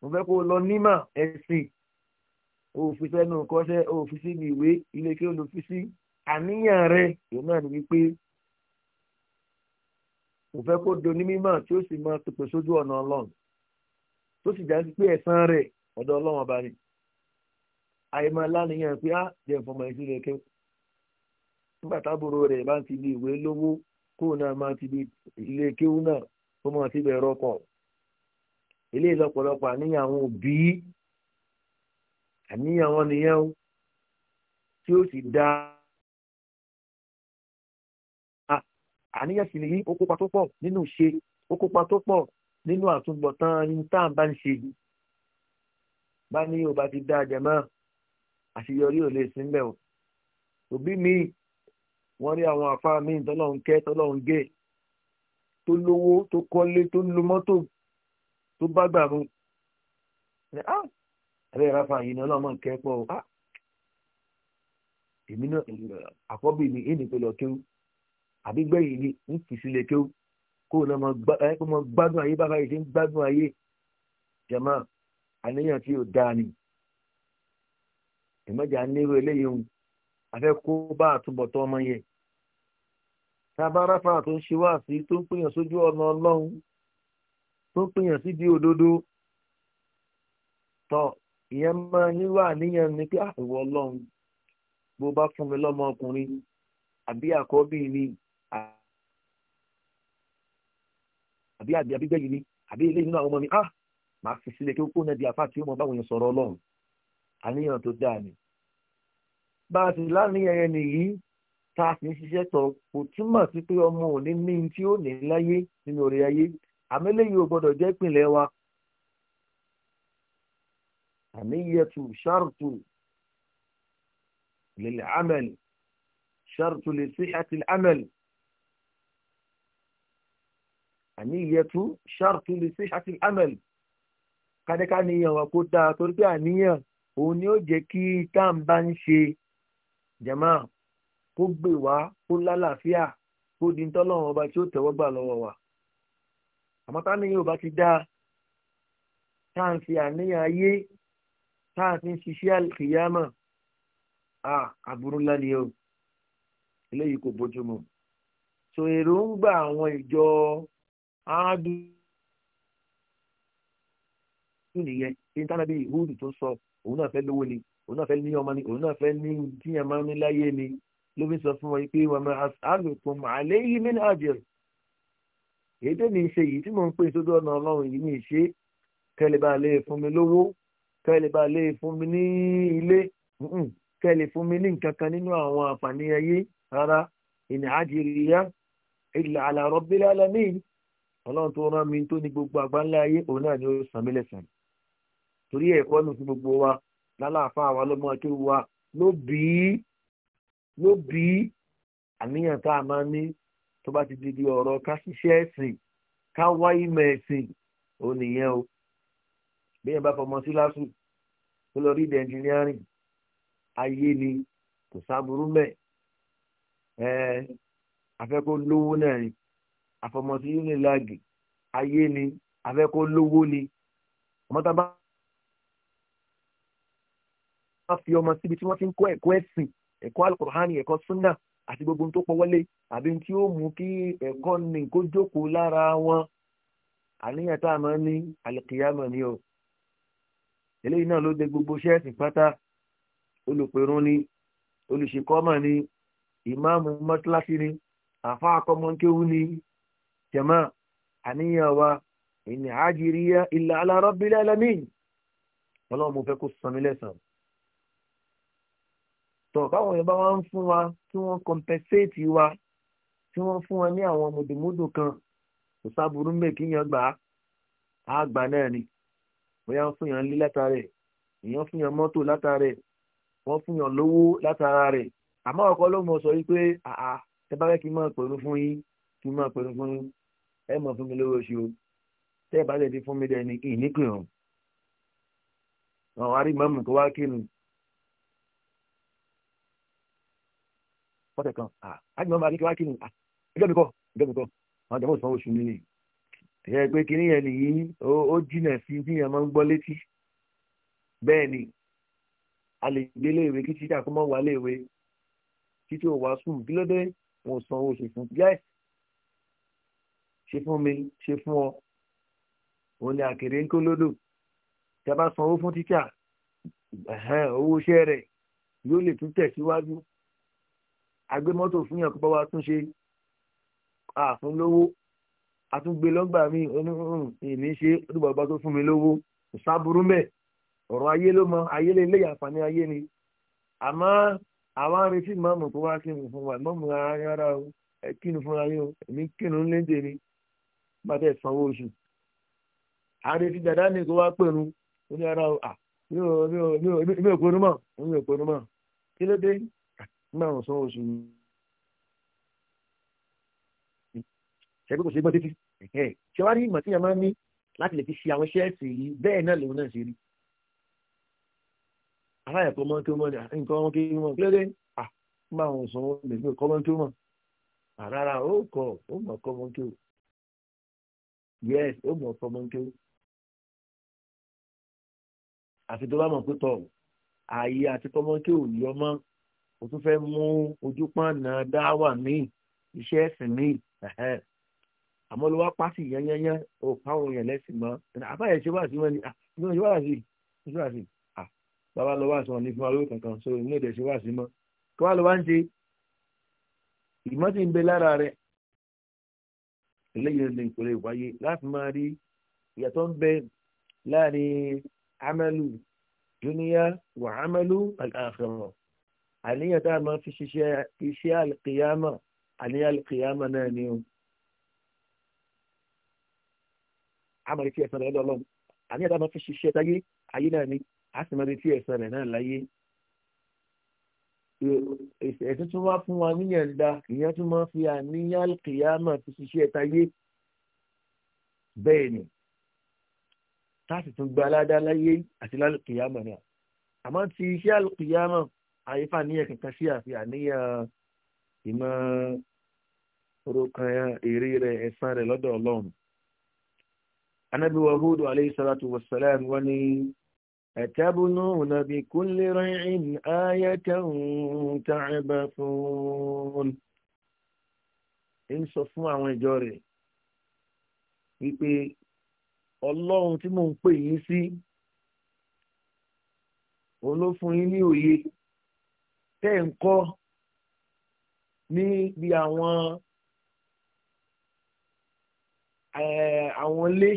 mo fẹ́ kó lọ nímọ̀ ẹ̀sìn òfin sẹ́nu kọ́ṣẹ́ òfin sí ìwé ilé kí olùfin sí àníyàn rẹ yóò náà ní wípé mo fẹ́ kó do ní mímọ̀ tí ó sì mọ pèpè sójú ọ̀nà ọlọ́run tó sì já pé ẹ̀san rẹ̀ ọ̀dọ̀ ọlọ́run ọba ni àyèmọ̀ láníyàn pé á jẹ́ ìfọmọ ìṣúlẹ̀ kẹ́kọ̀ọ́ nígbà tábòrò rẹ̀ bá ń ti di ìwé lówó kóun náà máa ti di ilé kéwú náà ó máa ti bẹ̀rẹ̀ ọkọ̀ eléyìí lọ́pọ̀lọpọ̀ àníyàn àwọn òbí àníyàn wọn nìyẹn o tí ó sì da àníyàn sì nìyí ó kópa tó pọ̀ nínú ṣe ó kópa tó pọ̀ nínú àtúbọ̀tán ní tá à ń bá ń ṣe bá ní o ti dá àjẹmọ́ àṣeyọrí ò lè sílẹ̀ o òbí mi wọ́n rí àwọn àfáà mi tọ́lọ́hún kẹ́ tọ́lọ́hún gé tó lówó tó kọ́lé tó lo mọ́tò tó bá gbà mú ah, ẹ á ẹ̀rẹ́ ìrafa yìí ni ọlọ́mọ nǹkẹ́ pọ̀ á ah, èmi náà àkọ́bí mi èyí nìkan lọ kéwú àbí gbẹ̀yìn ni ń fi sílẹ̀ kéwú kó o náà mọ gbádùn ayé yìí ṣe ń gbádùn ayé jama àníyàn tí ò dáa ni ìmọ̀jà nírú eléyìí ń bá ọmọ yẹn tá a bá ráfa tó ń wá sí tó ń sójú ọ̀nà ọlọ́run tó pèèyàn sí di òdodo tọ ìyẹn máa níwà níyẹn ni pé àìwọ ah, Ọlọ́run bó bá fún mi lọmọ ọkùnrin àbí àkọ́bí ni àbí àbí abígbẹ́yìn ni àbí ilé nínú àwọn ọmọ mi ah fi sílẹ̀ kí ó kó di tí ó mọ báwọn sọrọ àníyàn tó dáa ni bá a sì a sì ń ṣiṣẹ́ kò túmọ̀ sí pé ọmọ òní ní tí ó ní láyé àmẹ́lẹ́ yìí ò gbọ́dọ̀ jẹ́ ìpìlẹ̀ wa àníyẹ̀tù ṣáàrùtù lil amal ṣáàrùtù li sihhati al amal àníyẹ̀tù ṣáàrùtù li sihhati al amal kádẹ́ká níyàn wa kó dáa torí pé àníyàn òun ni ó jẹ́ kí tá bá ń ṣe jama kó gbè wá kó lálàáfíà kó di ń tọ́lọ́run ọba tí ó tẹ̀wọ́ gbà lọ́wọ́ wa àmọ́ tá níyàn ò bá ti dáa tá à ń fi àníyàn ayé tá à ti ń ṣiṣẹ́ àlùkìyàmọ̀ àbúrú ńlá o eléyìí kò bójú so èròǹgbà àwọn ìjọ áádùn nìyẹn tí nítorí ìhúdù tó sọ òun náà fẹ́ lówó ni òun náà fẹ́ ní ọmọ ni òun náà fẹ́ ní tíyàn máa ń ní láyé ni ló fi sọ fún wọn pé wọn máa àlùkùn àléyìn mí ní àjẹrò ede n'i ní yi ṣe yìí tí mò ń pè sódò ọ̀nà ọlọ́run yìí ní ìṣe kẹ́lẹ́bà lè fún mi lówó kẹ́lẹ́bà lè fún mi ní ilé kẹ́lẹ́ fún mi ní nǹkan kan nínú àwọn àǹfààní ayé rárá gbogbo àgbáńlá ayé òun náà ni ó sàn mí lẹ́sàn torí ẹ̀kọ́ gbogbo wa lálàáfà wa wa ló bí ló bí tó bá ti di di ọ̀rọ̀ ká ṣiṣẹ́ ẹ̀sìn ká wá ìmọ̀ ẹ̀sìn ò nìyẹn o bí yẹn bá fọmọ sí lásù tó lọ rí ìdẹ ẹnjìnírìn ayé ni kò sáburú mẹ ẹ afẹ́kọ́ lówó náà ni àfọmọ sí unilag ayé ni afẹ́kọ́ lówó ni ọmọ tá a bá fi ọmọ síbi tí wọ́n ti ń kọ́ ẹ̀kọ́ ẹ̀sìn ẹ̀kọ́ alukur'ani ẹ̀kọ́ sunnah àti gbogbo tó pọn wọlé àbí tí ó mú kí ẹ̀kọ́ ní kó jókòó lára wọn àníyàn tá a máa ní àlùkìyàmọ̀ ni o eléyìí náà ló dé gbogbo ṣẹ́ẹ̀sì pátá olùpẹ̀rún ni olùṣèkọ́mọ̀ ni ìmáàmù mọ́tíláṣí ni àfa àkọ́mọ́kéwú ni jẹ̀mọ́ àníyàn wa ìní àjíríyá ilẹ̀ alárọ́bílẹ̀ lẹ́mìn ọlọ́run mo fẹ́ kó sọ mí lẹ́sàn-án sọ báwọn yẹn bá wá ń fún wa tí wọ́n compensate wa tí wọ́n fún wa ní àwọn mòdòmódò kan kò sábúrú mbẹ kíyàn gbà á gbà náà ni bóyá ń fún yàn lé látàrẹ èèyàn fún yàn mọ́tò látàrẹ wọ́n fún yàn lówó látara rẹ̀ àmọ́ ọkọ ló mọ̀ sọ wípé àà ẹ bá fẹ́ kí n máa pẹ̀lú fún yín kí n máa pẹ̀lú fún yín ẹ mọ̀ fún mi lówó oṣù o tẹ́ ẹ bá lè fi fún mi dẹ̀ ní ìníkùn ọ̀hún. àwọn arímọ̀mù tó wá kírun fọ́tẹ̀ kan àjùmọ̀ ọmọ akékeré wákìlì ẹjọ́ mi kọ́ ẹjọ́ mi kọ́ àwọn jẹ́mọ̀ sanwó oṣù nílé ẹ pé kínní yẹn nìyí ó jìnà sí bí yẹn máa ń gbọ́ létí bẹ́ẹ̀ ni a lè gbé léèwé kí títí àkómọ́ wà léèwé títí ò wá sùn kí ló dé wọn ò sanwó oṣù fún díẹ̀ ṣe fún mi ṣe fún ọ òun ni àkèrè ń kó lódò tí a bá sanwó fún títà owó iṣẹ́ rẹ̀ yóò lè tún tẹ̀síwájú àgbé mọ́tò fún yàn kó bá wa túnṣe àfún lówó àtúngbé lọ́gbà mi ìní hmm, ṣe olùbàbà tó fún mi lówó ìsáburú mẹ́ ọ̀rọ̀ ayé ló mọ ayé lè lè àǹfààní ayé ni àmọ́ àwa ń retí mọ́mù kó wá kí n fún wa mọ́mù ah, rárá o ẹ kí ni fúnra yín o èmi kí ni ó ń lé dèrè má tẹ̀ sanwó oṣù àrètí dàdá ni kó wá pẹ̀lú ó ara o à mi ò mi ò mi ò mi ò pẹ̀lú mọ́ mi ò pẹ̀lú mọ́ kí ló dé nígbà wọn sọ oṣù yìí ṣẹbi kò ṣe gbọ́ títí ṣe wá rí ìmọ̀ tí yẹn máa ń ní láti lè fi ṣe àwọn ṣẹ́ẹ̀tì yìí bẹ́ẹ̀ náà lòun náà ṣe rí aláyà kọ́ mọ́ kí wọ́n ní nǹkan wọn kí wọ́n kí lóde à nígbà wọn sọ wọn lè kọ́ mọ́ kí wọ́n àrárá ó kọ̀ ó mọ̀ kọ́ mọ́ kí wọ́n yes ó mọ̀ kọ́ mọ́ kí wọ́n àfi tó bá mọ̀ pé tọ̀ ààyè àti kọ́ mọ́ kí wọ́n yọ mọ́ o tún fẹ́ mú ojúpọ̀nà dáwà míì iṣẹ́ ẹ̀sìn míì àmọ́ ló wá pàṣẹ yányányán o fáwọn èèyàn lẹ́sìn mọ́ àbáyẹ ṣe wá sí wọn ni ìwọ̀n ah, ṣe wá sí ṣe wá sí ah, bàbá lọ wá sí wọn ní fún alówó kankan so inú èdè ṣe wá sí mọ́ kí wàá lọ wá ń ṣe ìmọ̀ ń bẹ lára rẹ̀ eléyìí ní ìpínlẹ̀ ìwáyé láti máa rí ìyàtọ̀ ń bẹ láàrin amẹ́lù júníà wà amẹ́lù àkàrọ̀ àníyàn tá a máa fi ṣiṣẹ́ iṣẹ́ alìkìyàmà àníyàn alìkìyàmà náà ni o. àmọ̀rí tí ẹ̀sán rẹ̀ lọ́lọ́mù àníyàn tá a máa fi ṣiṣẹ́ táyé ayé náà ni a sì máa retí ẹ̀sán rẹ̀ náà láyé. ẹ̀sìn tún wá fún wa níyàn da ìyẹn tún máa fi àníyàn alìkìyàmà fi ṣiṣẹ́ táyé bẹ́ẹ̀ ni táàsì tún gba aládá láyé àti lálùkìyàmà náà àmọ́ ti iṣẹ́ alùkìyàmà àyífà ní ẹ̀kìn kan sí àfi àníyàn ìmọ̀ orokan èrè rẹ̀ ẹ̀san rẹ̀ lọ́dọ̀ ọlọ́run. anábíwá Hud alayhi salatu wa salam wọ́n ní أتبنون بكل ريع آية تعبثون ń sọ fún àwọn ìjọ rẹ̀ wípé ọlọ́run tí mò ń pè yín sí òun ní òye tẹ́ ẹ̀ ń kọ́ níbi àwọn eh, àwọn ilé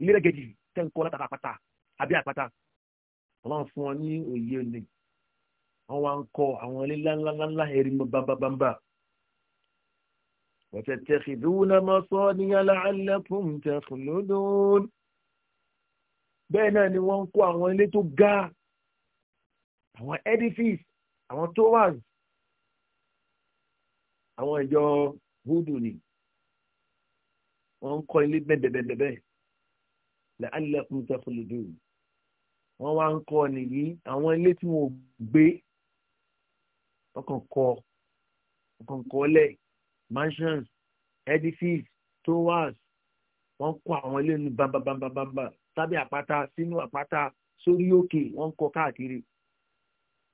ilé rẹ̀gẹ̀dì tẹ́ ń kọ́ látara àpáta àbí àpáta wọ́n fún ọ ní òye òní wọ́n wá ń kọ́ àwọn ilé ńláńláńlá ẹ̀rí bámbámbá. وتتخذون مصانع لعلكم تخلدون bẹ́ẹ̀ náà ni wọ́n ń kọ́ àwọn edifice àwọn towers àwọn ìjọ húdù ni wọ́n ń kọ́ ilé bẹ́ẹ̀bẹ́ẹ̀bẹ́ẹ̀ la'allakum takhludun wọ́n wá ń kọ́ nìyí àwọn ilé tí wọ́n gbé wọ́n kàn kọ́ wọ́n kàn kọ́ lẹ̀ mansions edifice towers wọ́n kọ́ àwọn ilé nu bambabambamba sábẹ́ àpáta sínú àpáta sórí òkè wọ́n kọ́ káàkiri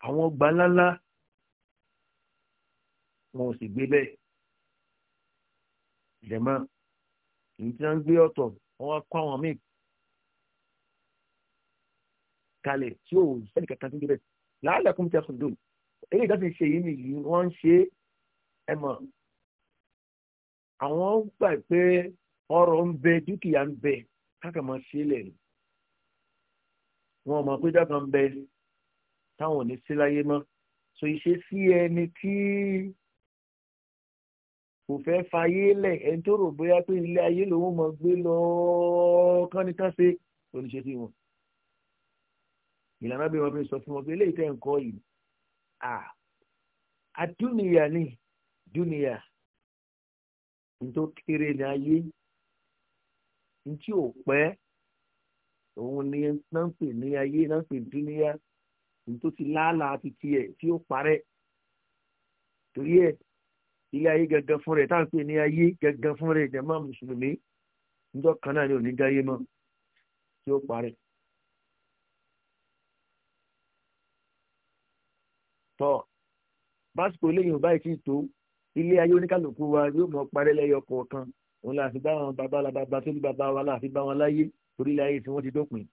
àwọn ọgbà ńláńlá wọn ò sì gbé bẹ́ẹ̀ lẹ́mọ́ èyí tí wọ́n ń gbé ọ̀tọ̀ wọ́n kọ́ àwọn míì kalẹ̀ tí ò sẹ́ni kankan tó ń gbé bẹ́ẹ̀ làálẹ̀ kún tí a sùn dùn èyí ìdá ti ṣe yìí nìyí wọ́n ń ṣe ẹ mọ̀ àwọn gbà pé ọrọ̀ ń bẹ dúkìá ń bẹ káàkiri máa ṣe lẹ̀ wọ́n mọ̀ pé dákan ń bẹ táwọn ò ní sí láyé mọ́ so ìṣe sí ẹni tí kò fẹ́ fayé lẹ̀ ẹni tó rò bóyá pé ilé ayé lòun mọ̀ gbé lọ kánitán ṣe oníṣẹ́ sí wọn ìlànà bí wọn fi sọ fún wọn pé eléyìí tẹ́ ń kọ́ yìí à àdúnìyà ni dúnìyà nítorí kéré ní ayé ní tí ò pẹ́ òun ni náà ń pè ní ayé náà ń pè dúnìyà tó ti láàlàá ti tiẹ̀ tí ó parẹ́ torí ẹ̀ ilé ayé gangan fún rẹ̀ táwọn pè ní ayé gangan fún rẹ̀ jàmá mùsùlùmí níjọ́ kan náà ni ò ní dáyé mọ́ tí ó parẹ́. tọ́ básìkò eléyìí ò báyìí tí tó ilé ayé oníkàlùkù wa yóò mọ̀ parẹ́ lẹ́yọ kọ̀ọ̀kan òun là fi bá wọn bàbá la bàbá tó ní bàbá wa là fi bá wọn láyé torí ilé ayé tí wọ́n ti dópin.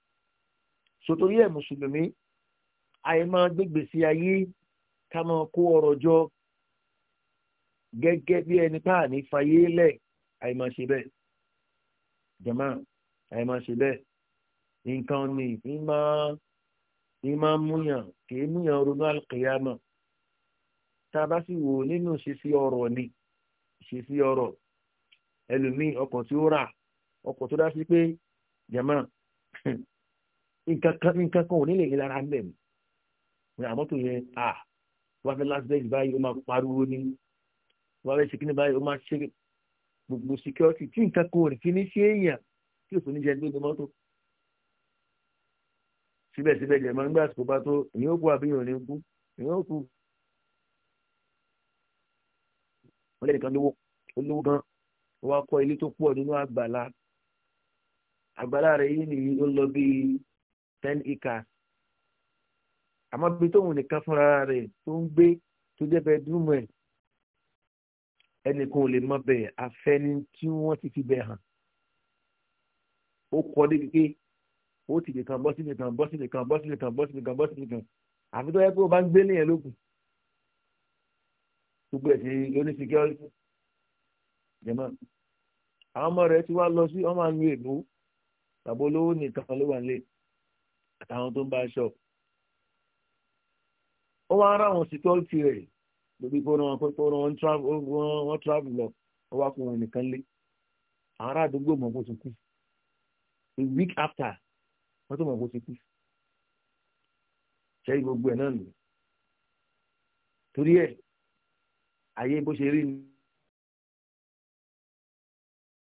sòtòrí ẹ̀ mùsùlùmí àìmọ́ gbégbèsè ayé ká máa kó ọrọ̀ jọ gẹ́gẹ́ bí ẹni tá à ní fayé lẹ̀ àìmọ̀ ṣe bẹ́ẹ̀ jẹ̀mọ́ àìmọ̀ ṣe bẹ́ẹ̀ nǹkan ni ìmọ̀ ìmọ̀ múyàn kì í múyàn ronú àlùkìyàmọ̀ tá a bá sì wò nínú ìṣesí ọ̀rọ̀ ni ìṣesí ọ̀rọ̀ ẹlòmíì ọkọ̀ tí ó rà ọkọ̀ tó dá sí pé jẹ̀mọ́ nǹkan kan ò ní lè lára ń bẹ̀ mí ní àmọ́tò ah, yẹn à ah, wọ́n fẹ́ last day báyìí ó máa pariwo ní wọ́n fẹ́ ṣe kíní báyìí ó máa ṣe gbogbo security tí nǹkan kan ò ní kíní ṣe èèyàn tí òfin ní jẹ gbé ní mọ́tò síbẹ̀síbẹ̀ jẹ̀ máa ń gbà àsìkò bá tó ìyẹn ó kú àbíyàn ní kú ìyẹn ó kú wọ́n lẹ́nìkan lówó olówó gan wọ́n wá kọ́ ilé tó pọ̀ nínú àgbàlá àgbàlá rẹ̀ yìí nìyí ó lọ bíi ten acres àmọ́ bí tóun nìkan fúnra rẹ̀ tó ń gbé tó jẹ́ bẹ́ẹ̀ dúró ẹ̀ ẹnìkan ò lè mọ bẹ́ẹ̀ afẹ́ni tí wọ́n ti fi bẹ́ẹ̀ hàn ó kọ́ débi pé ó ti nìkan bọ́ sí nìkan bọ́ sí nìkan bọ́ sí nìkan bọ́ sí nìkan bọ́ sí nìkan àfi tó yẹ pé o bá ń gbé nìyẹn lókun gbogbo ẹ̀sìn lóní security jẹ̀mọ́ àwọn ọmọ rẹ̀ ti wá lọ sí ọmọ àlù èbó tàbí olówó nìkan ló wà lé àtàwọn tó ń bá a ṣọ́ọ̀bù ó wá ara àwọn security rẹ̀ lórí pé wọ́n pé wọ́n travel lọ ó wá kó wọn nìkan lé àwọn ará àdúgbò mọ̀ bó ti kú a week after wọ́n tó mọ̀ bó ti kú ṣe gbogbo ẹ̀ náà nù torí ẹ̀ ayé bó ṣe rí ni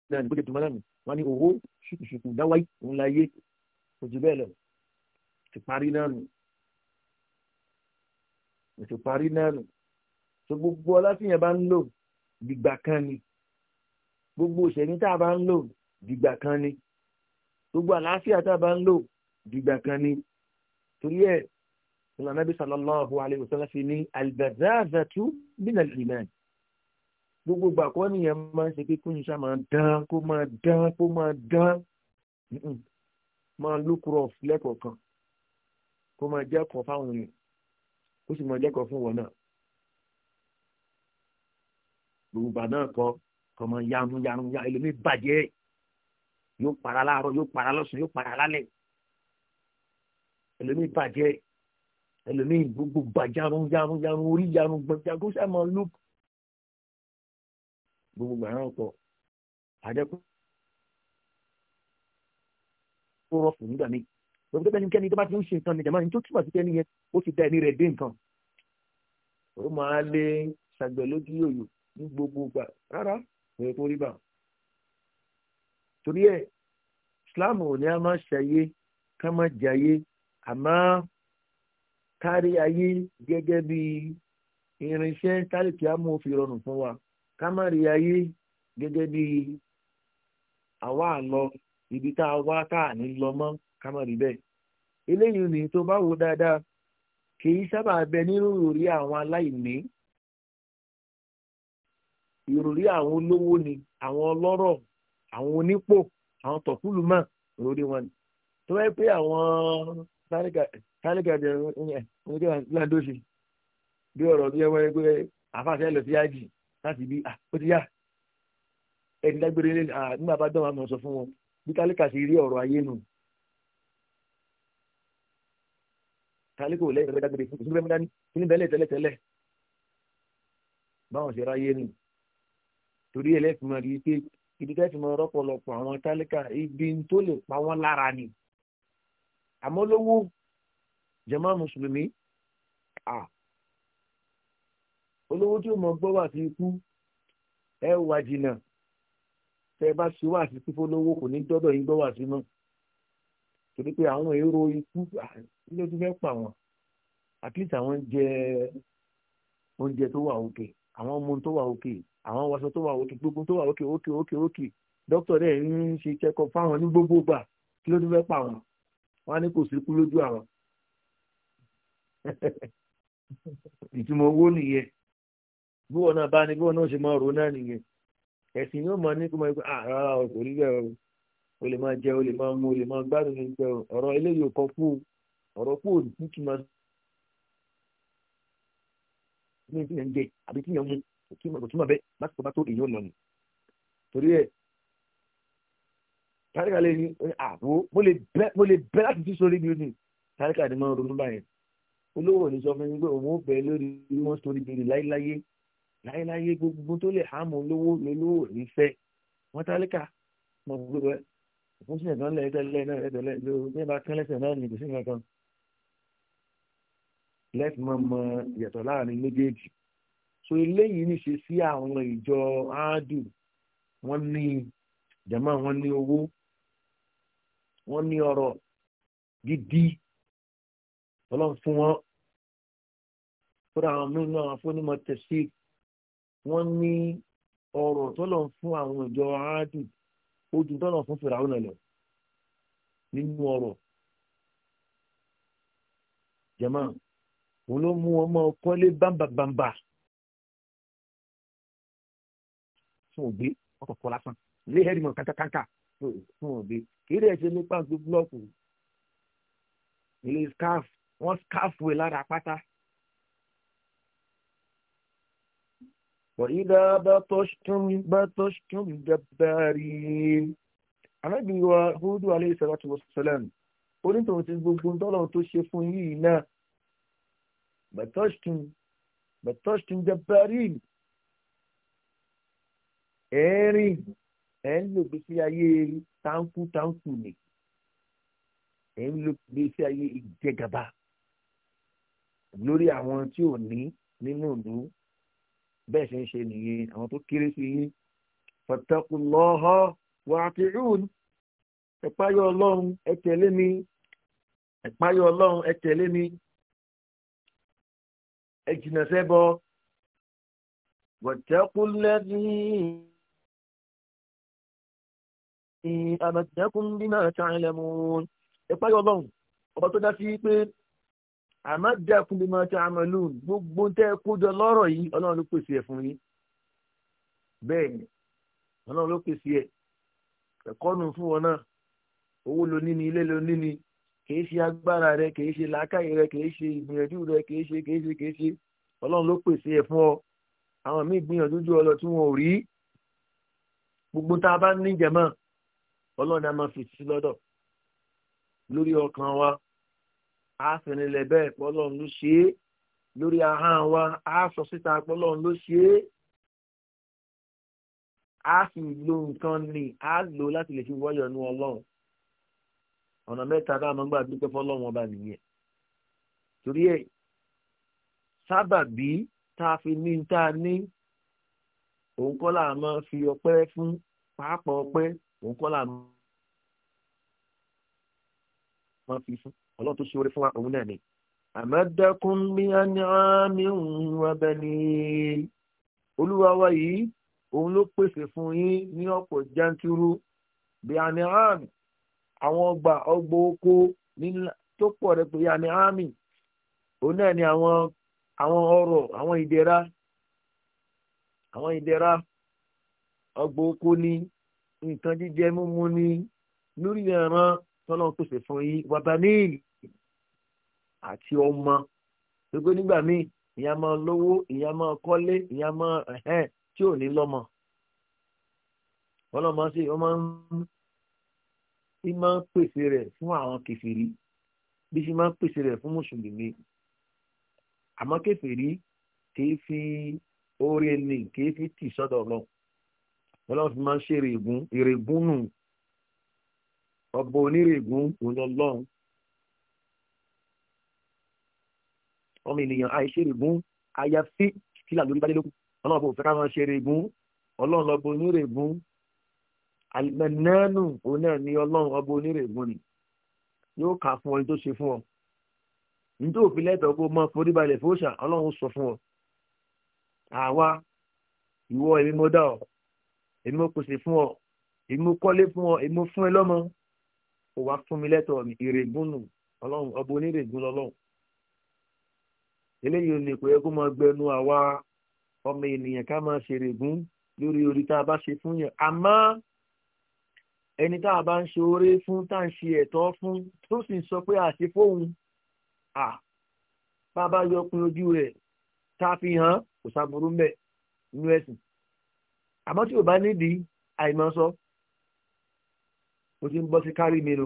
náà ní bó ṣe tuma náà nù wọ́n ní owó ṣùkùṣùkù dáwáyé òun láyé kò bẹ́ẹ̀ lọ ti parí náà nù ètò parí náà nù so gbogbo ọlá tí yẹn bá ń lò dìgbà kan ni gbogbo òṣèlú tá a bá ń lò dìgbà kan ni gbogbo àlàáfíà tá a bá ń lò dìgbà kan ni torí ẹ ìlànà bí sallallahu alaihi wasallam fi ní albazazatu min al-iman gbogbo ìgbà kọ́ nìyẹn máa ń ṣe pé kúnyìn ṣá máa dán kó máa dán kó máa dán máa lókùrọ̀ lẹ́kọ̀ọ̀kan kó máa jẹ́ kọ̀ fáwọn èèyàn ó sì mọ jẹ́kọ̀ọ́ fún wọn náà yorùbá náà kọ kọmọ yanu yanu ya ẹlòmíì bàjẹ́ yóò para láàárọ̀ yóò para lọ́sùn yóò para lálẹ́ ẹlòmíì bàjẹ́ ẹlòmíì gbogbo bàjánu yanu yanu orí yanu gbọ̀njà kó sá mọ lù gbogbo gbàrà ọ̀pọ̀ àjẹkù kó rọ̀ fún nígbà míì òun tó bẹ́ẹ̀ kẹ́ni tó bá ti ń ṣe nǹkan nìjàmbá ní tó túbọ̀ sí kẹ́ni yẹn ó ti da ẹni rẹ̀ dé nǹkan. ó máa lé ṣàgbẹ̀ lójú yòyò ní gbogbo ìgbà rárá ẹ̀ kó rí bà. torí ẹ̀ Islam ò ní a máa ṣàyé ká máa jàyé àmọ́ kárí ayé gẹ́gẹ́ bí irinṣẹ́ tálíkì amófin rọrùn fún wa ká má rí ayé gẹ́gẹ́ bí àwa àlọ ibi tá a wá tá a ní lọ mọ́ ká rí bẹ́ẹ̀ eléyìí ni tó bá wò dáadáa kì í sábà bẹ nínú ìròrí àwọn aláìní ìròrí àwọn olówó ni àwọn ọlọ́rọ̀ àwọn onípò àwọn tọ̀kúlù mọ̀ lórí wọn ni tó bá yẹ pé àwọn tálíkàdé ọmọdé ládóṣe bí ọ̀rọ̀ tó yẹ wọ́n yẹ pé àfàṣẹ lọ sí àjì láti bí ó ti yá ẹni dágbére nígbà bá dán wa mọ̀ sọ fún wọn bí tálíkà ṣe rí ọ̀rọ̀ ayé nù tálẹ́ kò lẹ́yìn ìrẹ́dá gbèrè fún ìṣúgbẹ́ mú dání kí ní bẹ́lẹ̀ tẹ́lẹ̀ tẹ́lẹ̀ báwọn ṣe ráyé nù torí ẹ̀ lẹ́fì máa rí i pé ibi tẹ́sí máa rọ́pọ̀lọpọ̀ àwọn tálíkà ibi tó lè pa wọ́n lára ni àmọ́ lówó jàmá mùsùlùmí à olówó tí ó mọ gbọ́ wà sí ikú ẹ wà jìnnà tẹ bá ṣe wà sí fífó lówó kò ní dọ́dọ̀ yín gbọ́ wà sí náà. torí pé àwọn èrò ikú ló tún fẹ́ pa wọn at least àwọn jẹ oúnjẹ tó wà òkè àwọn ọmọ tó wà òkè àwọn waṣọ tó wà òkè gbogbo tó wà òkè òkè òkè òkè dókítà rẹ̀ ń ṣe check up fáwọn ní gbogbo gbà kí ló tún fẹ́ pa wọn wọn á ní kò sí kú lójú àwọn ìtumọ̀ owó nìyẹn bí wọn náà bá ní o lè máa jẹ o lè máa mu o lè máa gbádùn ní jẹ ọ̀rọ̀ eléyìí ò kọ́ fún ọ̀rọ̀ fún òdì tí túmọ̀ ní ìdílé ń jẹ àbí tí yẹn mú kò túmọ̀ bẹ́ẹ̀ lásìkò bá tó èyí ò nà ní. torí ẹ tàríkà lè ní àbò mo lè bẹ láti tún sórí bí o ní tàríkà ni mo ń ronú báyẹn olówó ò ní sọ fún mi pé òun ò bẹ lórí wọn sórí bí o ní láéláyé láéláyé gbogbo tó lè hàmù olówó lolówó ò ní fẹ́ wọn tàríkà mo gbé fún sí ẹ̀gbọ́n lẹ́yìn tẹ́lẹ̀ náà ẹ̀ tẹ́lẹ̀ ló bí ẹ bá kán lẹ́sẹ̀ náà ní kò sí nǹkan lẹ́sìn mọ́ mọ ìyàtọ̀ láàrin méjèèjì so eléyìí ní ṣe sí àwọn ìjọ áádù wọ́n ní jàmá wọ́n ní owó wọ́n ní ọrọ̀ gidi ọlọ́run fún wọn fúnra àwọn mìíràn àwọn afúnímọ̀ tẹ̀sí wọ́n ní ọrọ̀ tọ́lọ́run fún àwọn ìjọ áádù ojú tọ́nà fún fèrè àwọn ẹ̀lọ́ nínú ọ̀rọ̀ jẹ̀mọ́ òun ló mú ọmọ kọ́lé bámbàbàmbà fún ògbé ọkọ̀ọ̀kọ̀ lásán lé hẹ́rìmọ̀ kánkákánká fún ògbé kí lè ṣe nípa gbé búlọ́ọ̀kù ilé scarf wọ́n scarf wẹ̀ lára pátá. وإذا بطشتم بطشتم جبارين Ànábì wa Húdù alayhi salatu wa salam, onítọ̀hún ti gbogbo tọ́lọ̀ tó ṣe fún yìí náà, Bẹ̀tọ́ṣtún, Bẹ̀tọ́ṣtún jabbarin, ẹ̀ẹ́rìn, ẹ̀ ń lò gbèsè ayé táǹkù táǹkù ni, ẹ̀ ń lò gbèsè ayé ìjẹgàba lórí àwọn tí ò ní nínú ìlú bẹ́ẹ̀ ṣe ń ṣe nìyẹn àwọn tó kéré sí yín fattaqullaha wa ati'un ẹ̀páyọ̀ ọlọ́run ẹ tẹ̀lé mi ẹ̀páyọ̀ ọlọ́run ẹ tẹ̀lé mi ẹ jìnnà sẹ́bọ wattaqul ladhi amatnakum bima ta'lamun ẹ̀páyọ̀ ọlọ́run ọba tó dá sí pé àmọ́ dẹ́kun bí máa ta àmọ́lù gbogbo tẹ́ kójọ lọ́rọ̀ yìí ọlọ́run ló pèsè ẹ̀ fún yín bẹ́ẹ̀ ni ọlọ́run ló pèsè ẹ̀ ẹ̀kọ́ nù fún wọn náà owó lo níní ilé lo níní kìí ṣe agbára rẹ kìí ṣe làákàyè rẹ kìí ṣe ìgbìyànjú rẹ kìí ṣe kìí ṣe kìí ṣe ọlọ́run ló pèsè ẹ̀ fún ọ àwọn míì gbìyànjú ju ọlọ tí wọn ò rí gbogbo tá a bá ní jẹ̀mọ́ ọlọ́run a máa fèsì lọ́dọ̀ lórí ọkàn wa á fìrìnlẹ̀ bẹ́ẹ̀ pọ́lọ́run ló ṣe é lórí ahọ́n wa á sọ síta pọ́lọ́run ló ṣe é á sì lo nǹkan ni á lò láti lè fi wọ́yọ̀ nu ọlọ́run ọ̀nà mẹ́ta tá a máa ń gbà dúpẹ́ fọ́lọ́run ọba nìyẹn torí ẹ̀ sábàbí tá a fi ní tá a ní òun kọ́ là máa fi ọpẹ́ fún pàápàá ọpẹ́ òun kọ́ là máa fi fún ọlọ́run tó ṣe orí fún wa òun náà ni àmọ́dẹ́kùn bí aníhàmì wa banin olúwa wa yìí òun ló pèsè fún yín ní ọ̀pọ̀ janturu bí aníhàmì àwọn ọgbà ọgbà oko tó pọ̀ rẹ̀ pé aníhàmì òun náà ni àwọn ọrọ̀ àwọn ìdẹ̀ra àwọn ìdẹ̀ra ọgbà oko ni nǹkan jíjẹ mímu ni lórí ẹ̀ràn tọ́lọ́ pèsè fún yín wàbáníìlì àti ọmọ gbogbo nígbà míì ìyá máa lówó ìyá máa kọ́lé ìyá máa ẹ̀hẹ́n tí ò ní lọ́mọ ọlọ́mọ sí ọmọ ń máa ń pèsè rẹ̀ fún àwọn kẹfìrí bí ṣe máa ń pèsè rẹ̀ fún mùsùlùmí àmọ́ kẹfìrí kìí fi oore ni kìí fi tì sọ́dọ̀ lọ ọlọ́run fi máa ń ṣe ìrègùn ìrègùn nù ọ̀bọ onírègùn òun lọ́lọ́run ọmọ ènìyàn àìṣe règún àyàfi kílà lórí bá délókù ọlọ́run bò fẹ́ káwọn ṣe règún ọlọ́run lọ́bọ onírègún àlùmọ̀nánù òun náà ni ọlọ́run ọbọ onírègún ni yóò kà fún ọ ní tó ṣe fún ọ nítorí òfin lẹ́tọ̀ọ́ kó mọ forí balẹ̀ fóṣà ọlọ́run sọ fún ọ àwa ìwọ èmi mo dá ọ èmi mo pèsè fún ọ èmi mo kọ́lé fún ọ èmi mo fún ẹ lọ́mọ kò wá fún mi lẹ́tọ̀ọ́ mi ìrègùn nù ọlọ́run ọbọ onírègùn lọ́lọ́run eléyìí ni kò yẹ kó máa gbẹnu àwa ọmọ ènìyàn ká máa ṣèrègùn lórí orí tá a bá ṣe fún yàn àmọ́ ẹni tá a bá ń ṣe oore fún tá a ń ṣe ẹ̀tọ́ fún tó sì ń sọ pé àṣẹ fóun à bá a bá yọ pin ojú rẹ̀ tá a fi hàn kò sáburú mbẹ̀ nínú ẹ̀sìn àmọ́ tí ò bá nídìí àìmọ̀ sọ o ti ń bọ́ sí kárí mi nu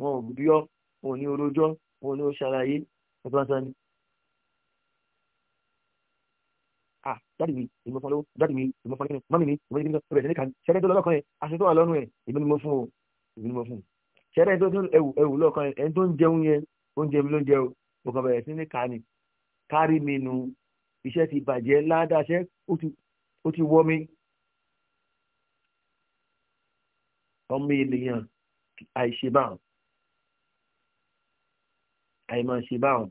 wọn ò bí ọ òun ní orojọ́ òun ní o ṣàlàyé ọ̀tọ̀ ọ̀tọ̀ dáàdì mi ìmọ̀ fún lówó dáàdì mi ìmọ̀ fún kíni mọ́mì mi ìmọ̀ kíni ọbẹ̀ ìdílé kan ṣẹ́rẹ́ tó lọ́kàn yẹn aṣọ tó wà lọ́nu ẹ̀ èmi ni mo fún o èmi ni mo fún ṣẹ́rẹ́ tó tún ẹwù ẹwù lọ́kàn yẹn ẹni tó ń jẹun yẹn oúnjẹ mi ló ń jẹ o mo kàn bẹ̀rẹ̀ sí ní ká ni kárí mi nu iṣẹ́ ti bàjẹ́ ládàṣẹ́ ó ti wọ́ mi ọmọ ènìyàn àìṣebáhùn àìmọ̀ ṣebáhùn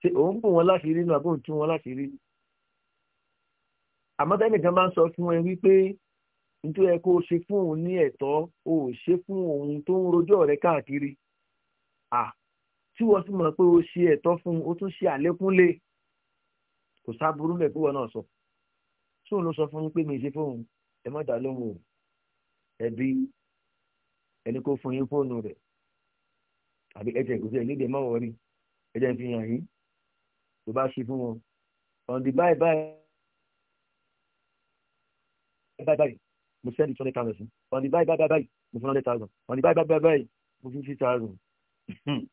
ṣe òun bù wọn láṣìírí nínú àbóhùn tún wọn láṣìírí nínú àmọ́ tẹ́nìkan máa ń sọ fún ẹ wípé nítorí ẹ kó o ṣe fún òun ní ẹ̀tọ́ o ò ṣe fún òun tó ń rojọ́ rẹ káàkiri à tí wọ́n sì mọ̀ pé o ṣe ẹ̀tọ́ fún o tún ṣe àlékún lé e. kò sábúrú mẹ́ pé wọ́n náà sọ tí òun ló sọ fún mi pé mi ṣe fóun ẹ má dá lóhùn ẹbí ẹni kó fún yín fóònù rẹ̀ àbí ẹ̀jẹ̀ kò sí ẹ̀ nídìí ẹ̀ má wọrí ẹ̀jẹ̀ fi hàn yín tó bá ṣe fún wọn ọ̀ǹdì Bye bye mo send twenty thousand wọ́n ní báyìí báyìí bye mo fún hundred thousand wọ́n ní báyìí báyìí báyìí mo fún fifty thousand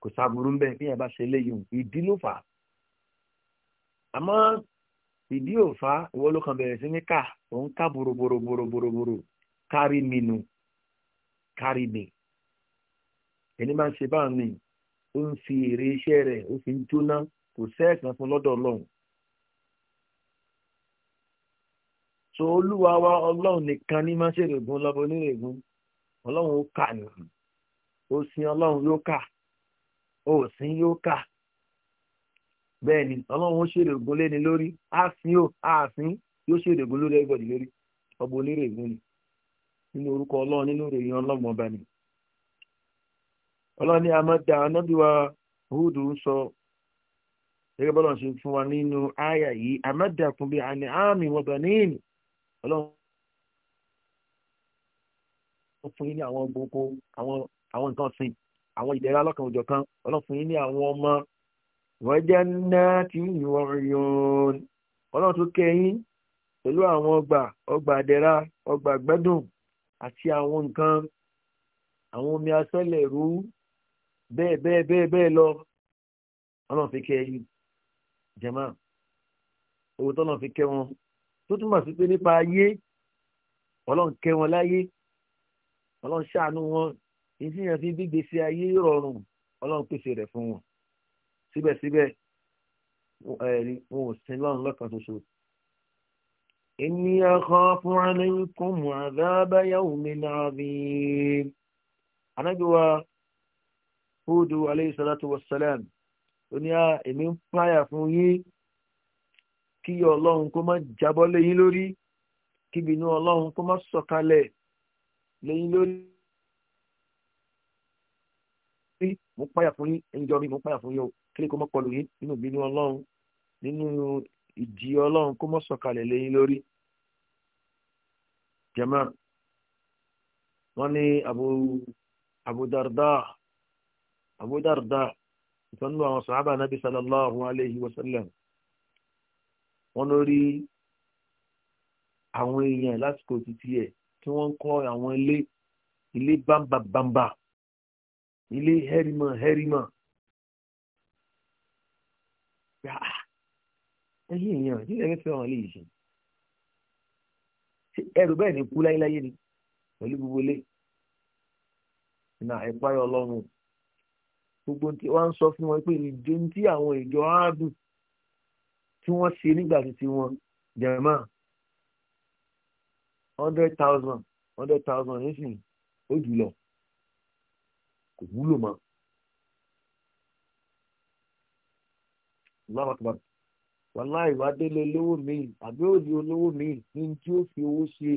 kò sábúrú ń bẹ bí yẹn bá ṣe léyìn ìdí ló fà á àmọ́ ìdí ò fà á ìwọ ló kàn bẹ̀rẹ̀ sí ní ká òun ká bòròbòròbòròbòrò kárí mi nu kárí mi ẹni máa ń ṣe báà ní ó ń fi èrè iṣẹ́ rẹ̀ ó fi ń jóná kò sẹ́ẹ̀kan fún lọ́dọ̀ ọlọ́run so olúwa wa ọlọ́run nìkan ní máa ṣe règùn lọ́bọ onírègùn ọlọ́run ó kà ní sin ọlọ́run yóò kà òsìn yóò kà bẹ́ẹ̀ ni ọlọ́run ó lórí àsìn ò àsìn yóò ṣe lórí lórí ọbọ ọba ni húdù ń sọ gẹ́gẹ́ bọ́lá ṣe fún wa nínú àyà yìí àní àmì ọlọ́run fún yín ní àwọn gbogbo àwọn àwọn nǹkan sìn àwọn ìdẹ̀ra lọ́kàn òjọ̀ kan ọlọ́run fún yín ní àwọn ọmọ wọ́n jẹ́ náà tí wọ́n yọ̀ọ́n ọlọ́run tó kẹ́yìn pẹ̀lú àwọn ọgbà ọgbà àdẹ̀ra ọgbà gbẹ́dùn àti àwọn nǹkan àwọn omi asẹ́lẹ̀ rú bẹ́ẹ̀ bẹ́ẹ̀ bẹ́ẹ̀ bẹ́ẹ̀ lọ ọlọ́run fi kẹ́ yín jẹ̀mọ́ owó tọ́lọ́run fi kẹ́ wọn tó túmọ̀ sí pé nípa ayé ọlọ́run kẹ́ wọn láyé ọlọ́run ṣàánú wọn ìsìnyàn fi gbígbé sí ayé rọrùn ọlọ́run pèsè rẹ̀ fún wọn síbẹ̀síbẹ̀ ẹ̀rí wọn ò sin lọ́run lọ́kàn ṣoṣo. èmi ọkàn fúnra lẹ́yìn kún mu àdábáyàwó mi náà aleyhi salatu wa salam ó ní à ah, èmi ń pààyà fún yín kí ọlọ́run kó má jábọ́ léyìn lórí kíbinú ọlọ́run kó má sọ̀kalẹ̀ léyìn lórí. mo páyà fún yín ẹ̀yin jọ mi mo páyà fún yín o kílẹ̀ kó má kọlù yín nínú ìbínú ọlọ́run nínú ìjì ọlọ́run kó má sọ̀kalẹ̀ léyìn lórí. jama wọn ní Abu Abu Darda Abu Darda ìtọ́nú àwọn sàhábà nàbí sallallahu alayhi wa wọ́n ló rí àwọn èèyàn lásìkò títí ẹ̀ tí wọ́n ń kọ́ àwọn ilé ilé bámbàbámbà ilé hẹ́rìmọ̀ hẹ́rìmọ̀ ah, ẹ̀yìn èèyàn nílẹ̀ ní fẹ́ràn lè yìí ẹrù bẹ́ẹ̀ ni kú láyéláyé ni pẹ̀lú gbogbo ilé ìnà ẹ̀páyọ̀ ọlọ́run gbogbo tí wọ́n ń sọ fún wọn pé ìjọ tí àwọn ìjọ áádùn tí wọ́n ṣe nígbà títí wọn jẹ̀mọ́ hundred thousand hundred thousand nísìnyí ó jùlọ kò wúlò mọ́. lọ́wọ́tọ́wọ́ wàláì wá délé olówó míì àbí òdi olówó míì ní tí ó fi owó ṣe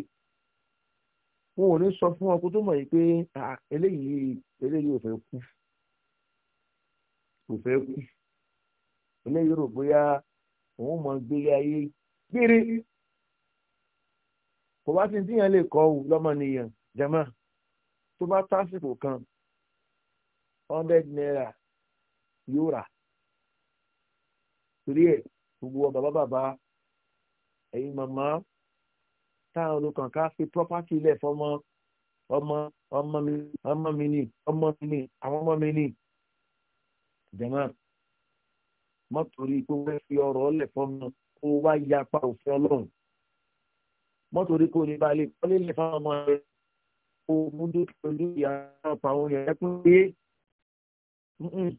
wọn ò ní sọ fún ọkọ tó mọ̀ yìí pé eléyìí eléyìí ò fẹ́ kú ò fẹ́ kú eléyìí rò bóyá òun mọ̀ gbé ayé gbére kò bá ti díyàn lè kọ́ ọ lọ́mọnìyàn jẹ́mọ́ tó bá tásìkò kan hundred naira yóò rà torí ẹ̀ gbogbo bàbá bàbá ẹ̀yin màmá táwọn olùkàn ká fi property lẹ̀ fọmọ ọmọ ọmọ mi ọmọ mi ni ọmọ mi ni àwọn ọmọ mi ni jẹ́mọ́ mọ́ torí pé wọ́n fi ọ̀rọ̀ ọ̀lẹ̀ fọ́nà kó wá yapa òfin ọlọ́run mọ́ torí kó ní balẹ̀ kọ́lé lè fáwọn ọmọ rẹ̀ kó mú dúkìá ojú ìyá ọ̀pá àwọn yẹn kún pé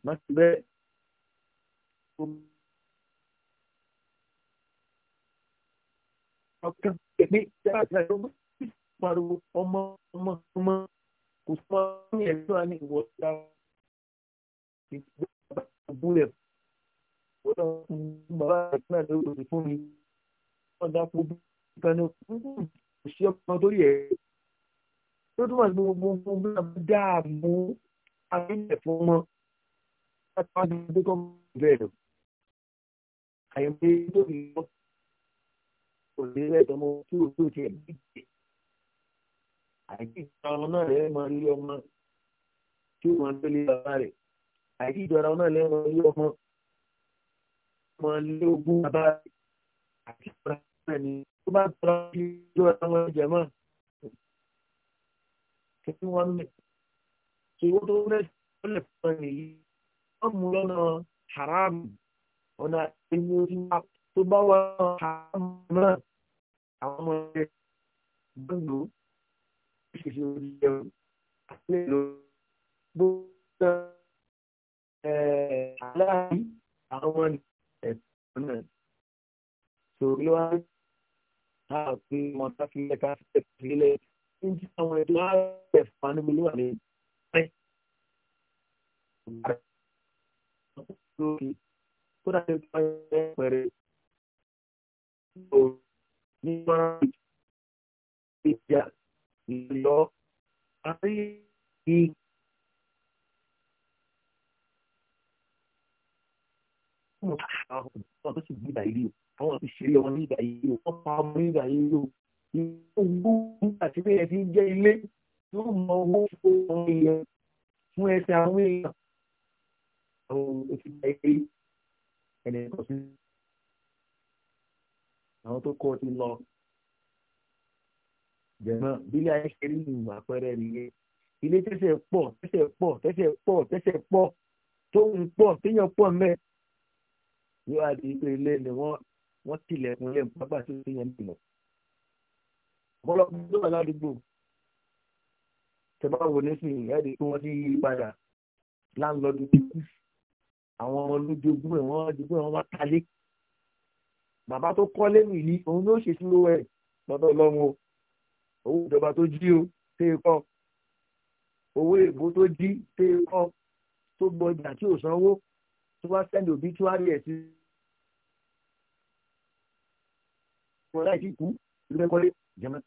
má ti bẹ́ẹ̀. ọkàn pé ìjọba àti àjọba pariwo ọmọ ọmọ ọmọ kò sọ ní ẹ̀ṣọ́ àní ìwọ̀n ìjọba ìgbésẹ̀ àbúrò ẹ̀fọ́ ó lọ fún bàbá rẹ̀ náà ló lòdì fún mi wọ́n dákú bí kan ní kò sí ọmọ tó yẹ tó túmọ̀ sí gbogbo gbogbo náà dáàmú ayélujára fún wọn láti wá sí ọdún kan bẹ́ẹ̀ lọ àyẹ̀wò tó àìsí ìjọra náà lẹ́yìn máa ọmọ tí o máa ń tẹ́lẹ̀ bàbá rẹ̀ àìsí ìjọra náà lẹ́yìn máa ọmọ ọmọ ilé ogun bàbá àti ọ̀rẹ́ rẹ̀ ni tó bá tọ́lá bí ojú ọ̀rẹ́ wọn jẹ mọ́ kí wọ́n mẹ́ ṣe owó tó rẹ̀ lẹ̀ fún ẹ̀ yìí wọ́n mú lọ́nà haram ọ̀nà ẹni ojú wa tó bá wà haram náà àwọn ọmọ rẹ̀ gbọ́dọ̀ ìṣèṣe orí ẹ̀rọ àti èlò bó ṣe aláàbí àwọn ọmọ nìyí ẹ̀kọ́ náà sòrí wá a fi wọn ká fi lẹ́ka sílẹ̀ ní ti àwọn ẹ̀dọ́ ààrẹ fani mi ló wà ní ẹ̀ lórí kódà ní ọjọ́ ẹ̀ pẹ̀rẹ̀ ní wọn ìjà ìlọ àti ìgbà. mọ̀ àwọn ọ̀dọ́ tó sì gbé ìgbà yìí o àwọn ọ̀dọ́ ìṣeré ọmọ ní ìgbà yìí o wọ́n pa ọmọ ní ìgbà yìí o ìgbó àti pé ẹ̀sìn jẹ́ ilé yóò mọ owó fún ọmọ èèyàn fún ẹsẹ̀ àwọn èèyàn àwọn òfin ìgbà yìí ẹ̀dẹ̀ kọ̀ sí àwọn tó kọ́ ti lọ jẹ̀mọ́ bílẹ̀ ayé ṣe rí ìwà àpẹẹrẹ nìyẹn ilé tẹ́sẹ̀ pọ̀ tẹ́sẹ̀ pọ̀ tẹ́sẹ̀ pọ̀ tẹ́sẹ̀ pọ̀ tó ń pọ̀ téèyàn pọ̀ mẹ́ẹ̀ yóò wá di pé ilé ni wọ́n wọ́n tilẹ̀kùn ilé bàbá tó ti yẹn bìnà. ọ̀pọ̀lọpọ̀ tó wà ládùúgbò tẹ̀bá wo nísìnyí ẹ̀rí tí wọ́n ti yí padà láńlọ́dù ti kú àwọn ọmọ olójoojú ẹ̀ wọ́n di pé wọ́n wá kalé. bàbá tó kọ́ lẹ́nu ìlí òun ló ṣe sílò ẹ̀ lọ́dọ̀ ọlọ́run o owó ìjọba tó jí o ṣe é kọ́ owó èbó tó jí ṣe é kọ́ tó gbọjà tí ò sanwó tó wá sẹ́ndì òbí tí wá rí ẹ̀ sí fún ọlá ìdí ikú ìdúgbẹ́kọ́lé jẹ́mọ́.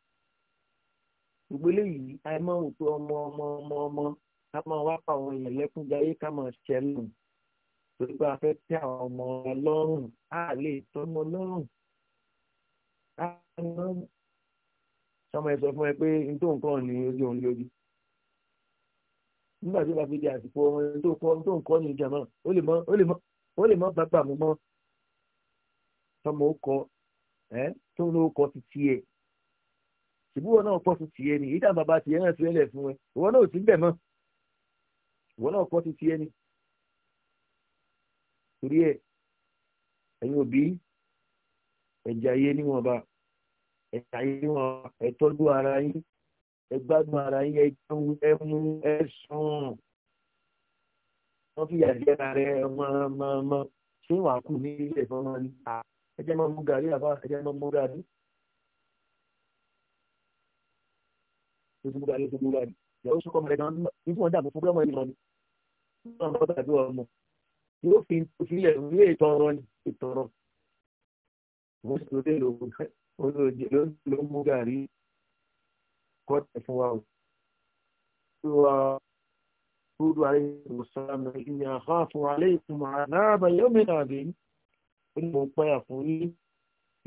gbogbo eléyìí a máa ń pe ọmọ ọmọ ọmọ ọmọ ká máa wá pa àwọn èèyàn lẹ́kúnjayé ká máa ṣẹ́ lù torí pé a fẹ́ tẹ́ àwọn ọmọ lọ́rùn á lè tọ́mọ lọ́rùn á lọ́rùn. sọmọ ẹ sọ fún ẹ pé n tó nǹkan ní ojú òun lójú nígbà tí ó bá fi di àsìkò ọmọ ẹni tó kọ́ tó ń kọ́ ní ìjà náà ó lè mọ́ bàbá mu mọ́ tọmọ ó kọ ẹ tó ń lórúkọ ti tiẹ̀ ṣùgbọ́n náà kọ́ ti tiẹ̀ ni ìdá bàbá tiẹ̀ náà ti rẹ́lẹ̀ fún ẹ ìwọ náà ò sí bẹ̀ mọ́ ìwọ náà kọ́ ti tiẹ̀ ni torí ẹ ẹ̀yin òbí ẹ̀jẹ̀ ayé níwọ̀nba ẹ̀jẹ̀ ayé níwọ̀n ẹ̀tọ́jú ara yín ẹgbádùn ara yín ẹjẹun ẹmu ẹsùn wọn fi yàgbẹ́ ẹ ọmọ ọmọ ọmọ ṣé wàá kù ní ilé ìfọwọ́ ní ta ẹjẹ́ máa mú gàrí àbá ẹjẹ́ máa mú gàrí ojúmú gàrí ojúmú gàrí ìyàwó sọkọ mẹ́rin náà ní tí wọ́n dàbò fún bílọ́mọ ìlọ ni wọ́n máa bá tàbí ọmọ yóò fi ìfilẹ̀ ní ètò ọ̀rọ̀ ni ètò ọ̀rọ̀ mo sì tó dé ló ló mú gàrí kọ́ ẹ̀ fún wa o tí wọ́n kúrò àlẹ́ ìwòsàn àmì ìyàn àkọ́ àfọwọ́ àlẹ́ ìkùnmọ̀ àdáàbà ó ní mo ń pààyà fún yín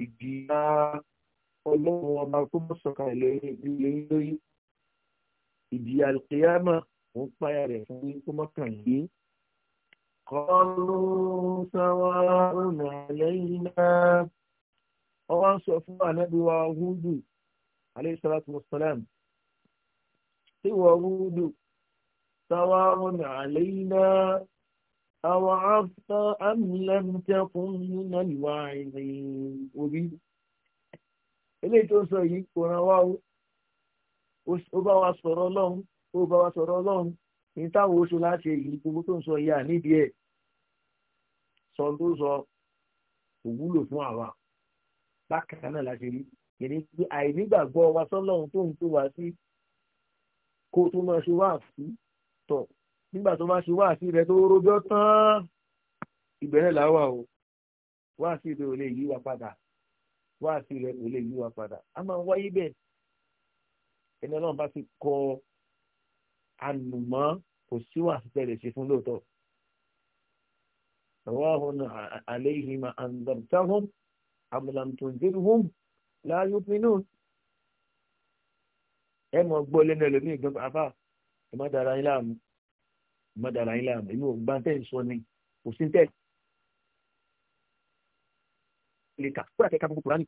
ìjìyà ọlọ́run ọba tó bọ́ sọ̀kan ìlẹ́yìn lórí ìjìyà àlùkìyàmà mo ń pààyà rẹ̀ fún yín kó mọ́kàn yín. قالوا سواء علينا ọwọ́n sọ fún ànábì wa húdù alayhi salatu wassalam tí wọ́n húdù sáwárùn àlẹ́yìnà أوعظت أم لم تكن من الواعظين òbí eléyìí tó ń sọ yìí kò ràn wá o ó bá wa sọ̀rọ̀ ọlọ́run ó bá wa sọ̀rọ̀ ọlọ́run ní táwọn oṣù láti èyí gbogbo tó ń sọ yìí àníbi ẹ̀ sọ tó sọ kò fún àwa bákan náà la rí kìíní pé àìnígbàgbọ́ wa sọ́lọ́run tó ń tó wá sí kó tó máa ṣe wá sí tọ̀ nígbà tó máa ṣe wá àti rẹ tó rojọ́ tán ìbẹ̀rẹ̀ làwà o wá àti rẹ ò lè yí wa padà wá àti rẹ ò lè yí wa padà a máa ń wáyé bẹ́ẹ̀ ẹni ọlọ́run bá ti kọ ànùmọ́ kò sí wà síbẹ̀rẹ̀ ṣe fún lóòótọ́ rọ́ọ̀hún àléhìmá àǹdàmtáhùn àmàlàmtòǹdínhùn láàyò pinnu ẹ mọ̀ gbọ́ lẹ́nu ẹlòmíì gbọ́n àfà ẹ má dára yín láàmú mọ́dàrà yín láàmú inú ògbà tẹ́ ń sọ ni kò sí tẹ́ lè kà kúrò àkẹ́kọ̀ọ́ fún kúránì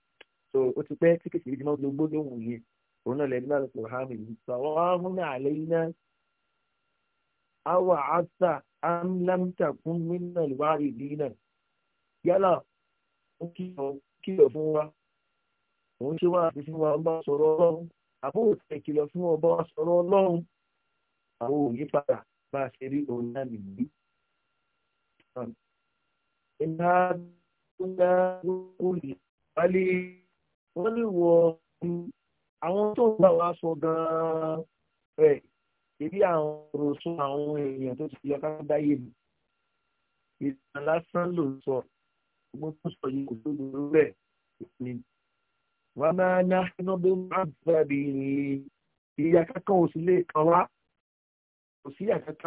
so ó ti pẹ́ tí kìsìrì ti máa ń gbó lóhùn yẹn òun náà lẹ́nu láti sọ̀rọ̀ hàmì yìí sọ̀rọ̀ ọ̀hún àlẹ́ iná àwọ̀ àṣà amlamta kún nínú ìwárí ìdínà yálà ó kìlọ̀ fún wa òun ṣe wá àti fún wa ọba sọ̀rọ̀ ọlọ́run àbúrò tẹ̀ kìlọ̀ fún ọba sọ̀rọ̀ ọlọ́run àwọn òyìnbó padà bá a ṣe rí òun náà nìyí. iná tó dá gbogbo ìwálé wọ́n lè wọ àwọn tó ń bá wa sọ gan-an rẹ̀ ibi àwọn ọ̀rọ̀ sún àwọn èèyàn tó ti lọ ká dáyé mi. ìtàn lásán ló sọ gbogbo tó sọ yìí kò tó lórí rẹ̀ ni. wọ́n máa ná iná bí wọ́n á bẹ̀rẹ̀ bí ìyá kankan ò sí lè kàn wá. إن في ذلك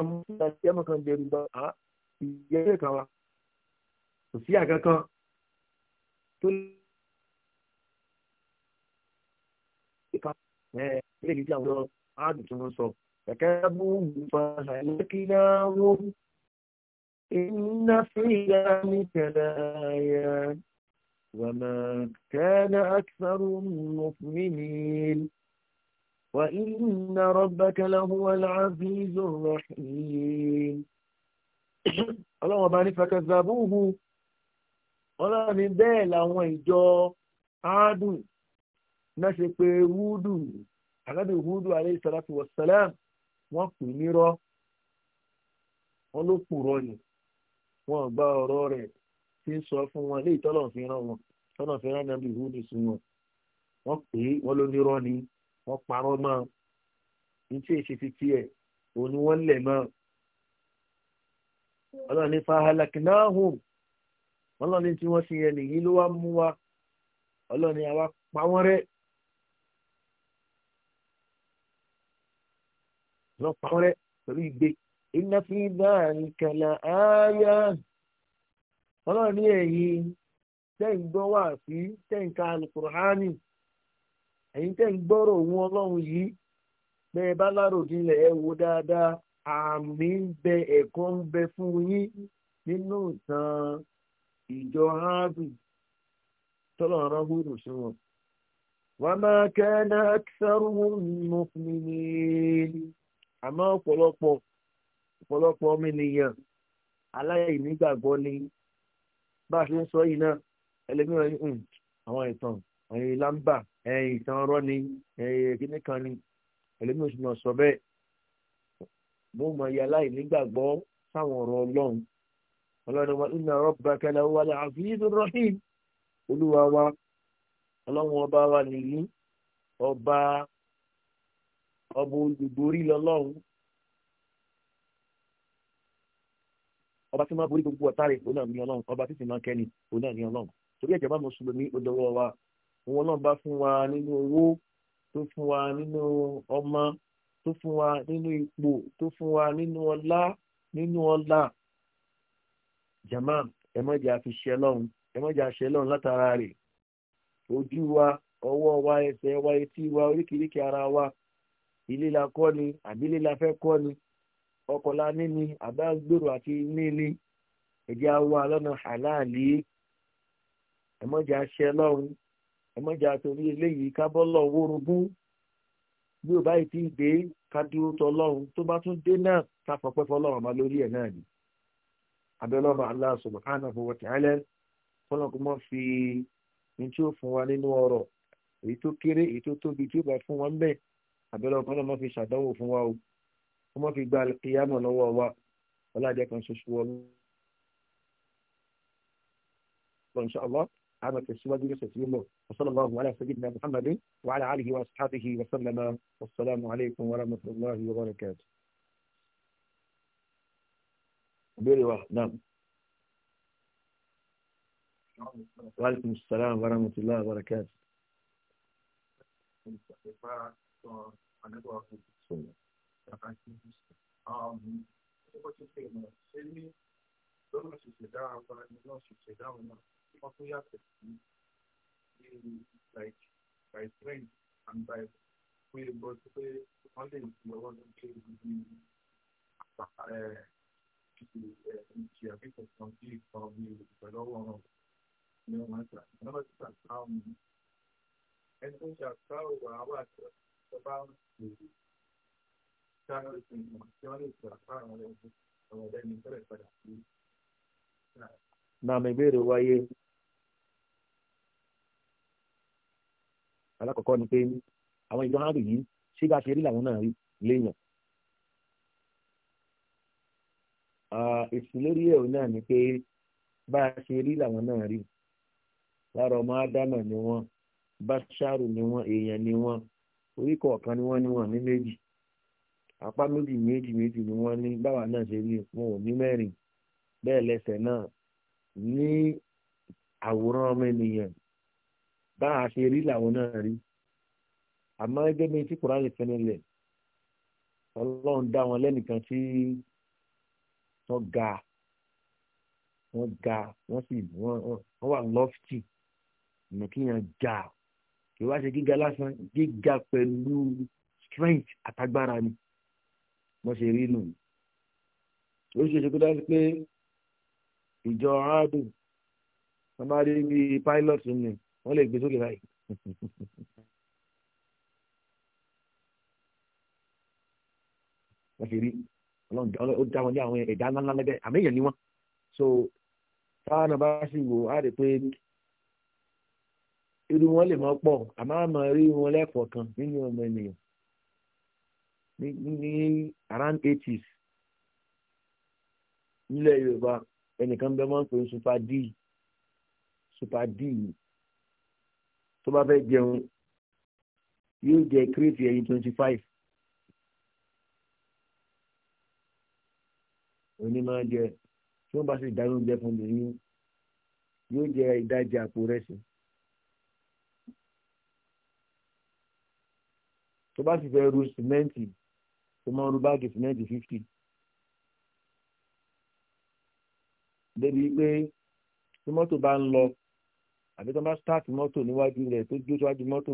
لآيات وما كان أكثر المؤمنين وإن ربك لهو العزيز الرحيم ọlọ́run ọba ní fẹkẹsàbúhù ọlọ́run ní bẹ́ẹ̀ làwọn ìjọ áádùn náà ṣe pé wúdù alábì wúdù alayhi salatu wassalam wọ́n pè nírọ́ wọ́n ló purọ́ ni wọ́n gba ọ̀rọ̀ rẹ̀ tí ń sọ fún wọn léyìí tọ́lọ̀ fi ràn wọn tọ́lọ̀ fi ràn nàbì wúdù sí wọn wọ́n pè é wọ́n ló nírọ́ ni wọ́n parọ́ mọ́ ní tí èsì ti tiẹ̀ òun ni wọ́n lẹ̀ mọ́ ọlọ́run ní fahalakinahum ọlọ́run ní tí wọ́n ṣe yẹn nìyí ló wá mú wa ọlọ́run ní àwa pa wọ́n rẹ́ lọ pa wọ́n rẹ́ pẹ̀lú ìgbé iná fi náà nìkànlá ááyá ọlọ́run ní ẹ̀yìn tẹ́ǹgbọ́n wà sí tẹ́ǹkà alukùránì ẹ̀yin tẹ́ ń gbọ́rọ̀ òun ọlọ́run yìí bẹ́ ẹ bá láròjinlẹ̀ ẹ wo dáadáa àmì ń bẹ ẹ̀kọ́ ń bẹ fún yín nínú ìtàn ìjọ áàbì tọ́lọ̀ ọ̀rọ̀ húrù sí wọn. wọ́n máa kẹ́ẹ́dá sẹ́rùn mọ́fìnrin àmọ́ ọ̀pọ̀lọpọ̀ ọ̀pọ̀lọpọ̀ ọmọ ènìyàn aláìnígbàgbọ́ ni bá a ṣe ń sọ yìí náà ẹlẹ́mìíràn hmm, àwọn ìtàn àwọn ìlànà ìtàn ọ̀rọ̀ ni kíní kan ni ẹlẹ́mi oṣù náà sọ bẹ́ẹ̀ mo mọ ìyá láì nígbàgbọ́ sáwọn ọ̀rọ̀ ọlọ́run ọlọ́run wa inna rabbaka lahuwa al-azizur rahim olúwa wa ọlọ́run ọba wa nìyí ọba ọba olùborí lọ́lọ́run ọba tí máa borí gbogbo ọ̀tá rẹ̀ òun náà ní ọba tí máa kẹ́ni òun náà ní torí ẹ̀jẹ̀ bá mùsùlùmí ó dọwọ́ wa òun náà bá fún wa nínú owó tó fún wa nínú ọmọ tó fún wa nínú ipò tó fún wa nínú ọlá nínú ọlá jama ẹ má jẹ́ àfi ṣe lọ́hùn ẹ má jẹ́ àṣẹ lọ́hùn látara rẹ̀ ojú wa ọwọ́ wa ẹsẹ̀ wa etí wa oríkèéríkèé ara wa ilé la kọ́ ni àbílẹ̀ la fẹ́ kọ́ ni ọkọ̀ la ni àbá gbèrò àti ní ni ẹ̀jẹ̀ wa lọ́nà ẹ má jẹ́ àṣẹ lọ́hùn ẹmọjà torí eléyìí kábọ́lọ̀ wórogún bí ó báyìí ti dé kádúró tọlọ́run tó bá tún dé náà káfọ́pẹ́ fọlọ́run ọmọ lórí ẹ̀ náà ni abẹ́lọ́run Allah subhanahu wa ta'ala fọlọ́n kò mọ́ fi ní tí ó fún wa nínú ọ̀rọ̀ èyí tó kéré èyí tó tóbi tí ó bá fún wa ń bẹ̀ abẹ́lọ́run kọ́ lọ́mọ́ fi ṣàdánwò fún wa o kó mọ́ fi gba ìyámọ̀ lọ́wọ́ wa ọlá هذا السواد يسجد له وصلى الله على سيدنا محمد وعلى آله وأصحابه وسلم والسلام عليكم ورحمة الله وبركاته بيري واحد نعم وعليكم السلام ورحمة الله وبركاته Um, what you say, Sydney? Don't let you sit down, but I know she's down enough. wọ́n tún yàtọ̀ sí bíi like by strength and by pé bọ́ sí pé wọ́n lè fi ọwọ́ tó ké ibi àpá ẹ̀ ìjì àbíkọ̀ kan bí ìkan bí ìpẹ̀lọ́wọ́ ọ̀rọ̀ ni wọ́n máa ń gbà. Nígbà tí wọ́n gbà ń mú ẹni tó ń ṣe àtúrò wà á wà tó tó bá ń lè sáré sí ìmọ̀ tí wọ́n lè fi àtúrò àwọn ọ̀rọ̀ ẹni tẹ́lẹ̀ padà alákọ̀ọ́kọ́ ni pé àwọn ìjọ hàn yìí ṣé bá ṣe rí làwọn náà rí léèyàn. èsì lórí ẹ̀rọ náà ni pé bá ṣe rí làwọn náà rí lára ọmọ ádámà ni wọ́n báṣáàrù ni wọ́n èèyàn ni wọ́n orí kọ̀ọ̀kan ni wọ́n ni wọ́n ní méjì apá méjì méjì méjì ni wọ́n ní báwa náà ṣe rí wọn ò ní mẹ́rin bẹ́ẹ̀ lẹ́sẹ̀ náà bá a ṣe rí làwọn náà rí àmọ́ ẹgbẹ́ mi tí kùránì fẹ́ nílẹ̀ ọlọ́run dá wọn lẹ́nìkan tí wọ́n ga wọ́n ga wọ́n sì wọ́n wà lọ́fìtì ìnàkíyàn ga kì í wá ṣe gíga lásán gíga pẹ̀lú strength àtagbára ni wọ́n ṣe rí nù ó ṣe ṣe kó dájú pé ìjọ aádùn wọ́n bá rí bí pilot nìyẹn wọ́n lè gbé sókè báyìí. wọ́n ti rí ọlọ́run ó dá wọn ní àwọn ẹ̀dá ńláńlá lẹ́gbẹ́ àmẹ́yẹ̀ ni wọ́n so táwọn náà bá sì wò á rè pé irú wọn lè máa pọ̀ àmọ́ àmọ́ rí wọn lẹ́ẹ̀kọ̀ọ́ kan nínú ọmọ ènìyàn ní ní around eighties nílẹ̀ yorùbá ẹnìkan bẹ́ẹ̀ máa ń super d super d tó bá fẹ́ jẹun yóò jẹ kírètì ẹyin twenty five òní máa jẹ tí wọ́n bá sì dáná oúnjẹ fún mi yín yóò jẹ ìdajì àpò rẹsì tó bá sì fẹ́ ru sìmẹ́ǹtì tó máa ru báàgì sìmẹ́ǹtì fifty débi pé tí mọ́tò bá ń lọ àbí tó bá stáàtì mọ́tò níwájú rẹ̀ tó dúró síwájú mọ́tò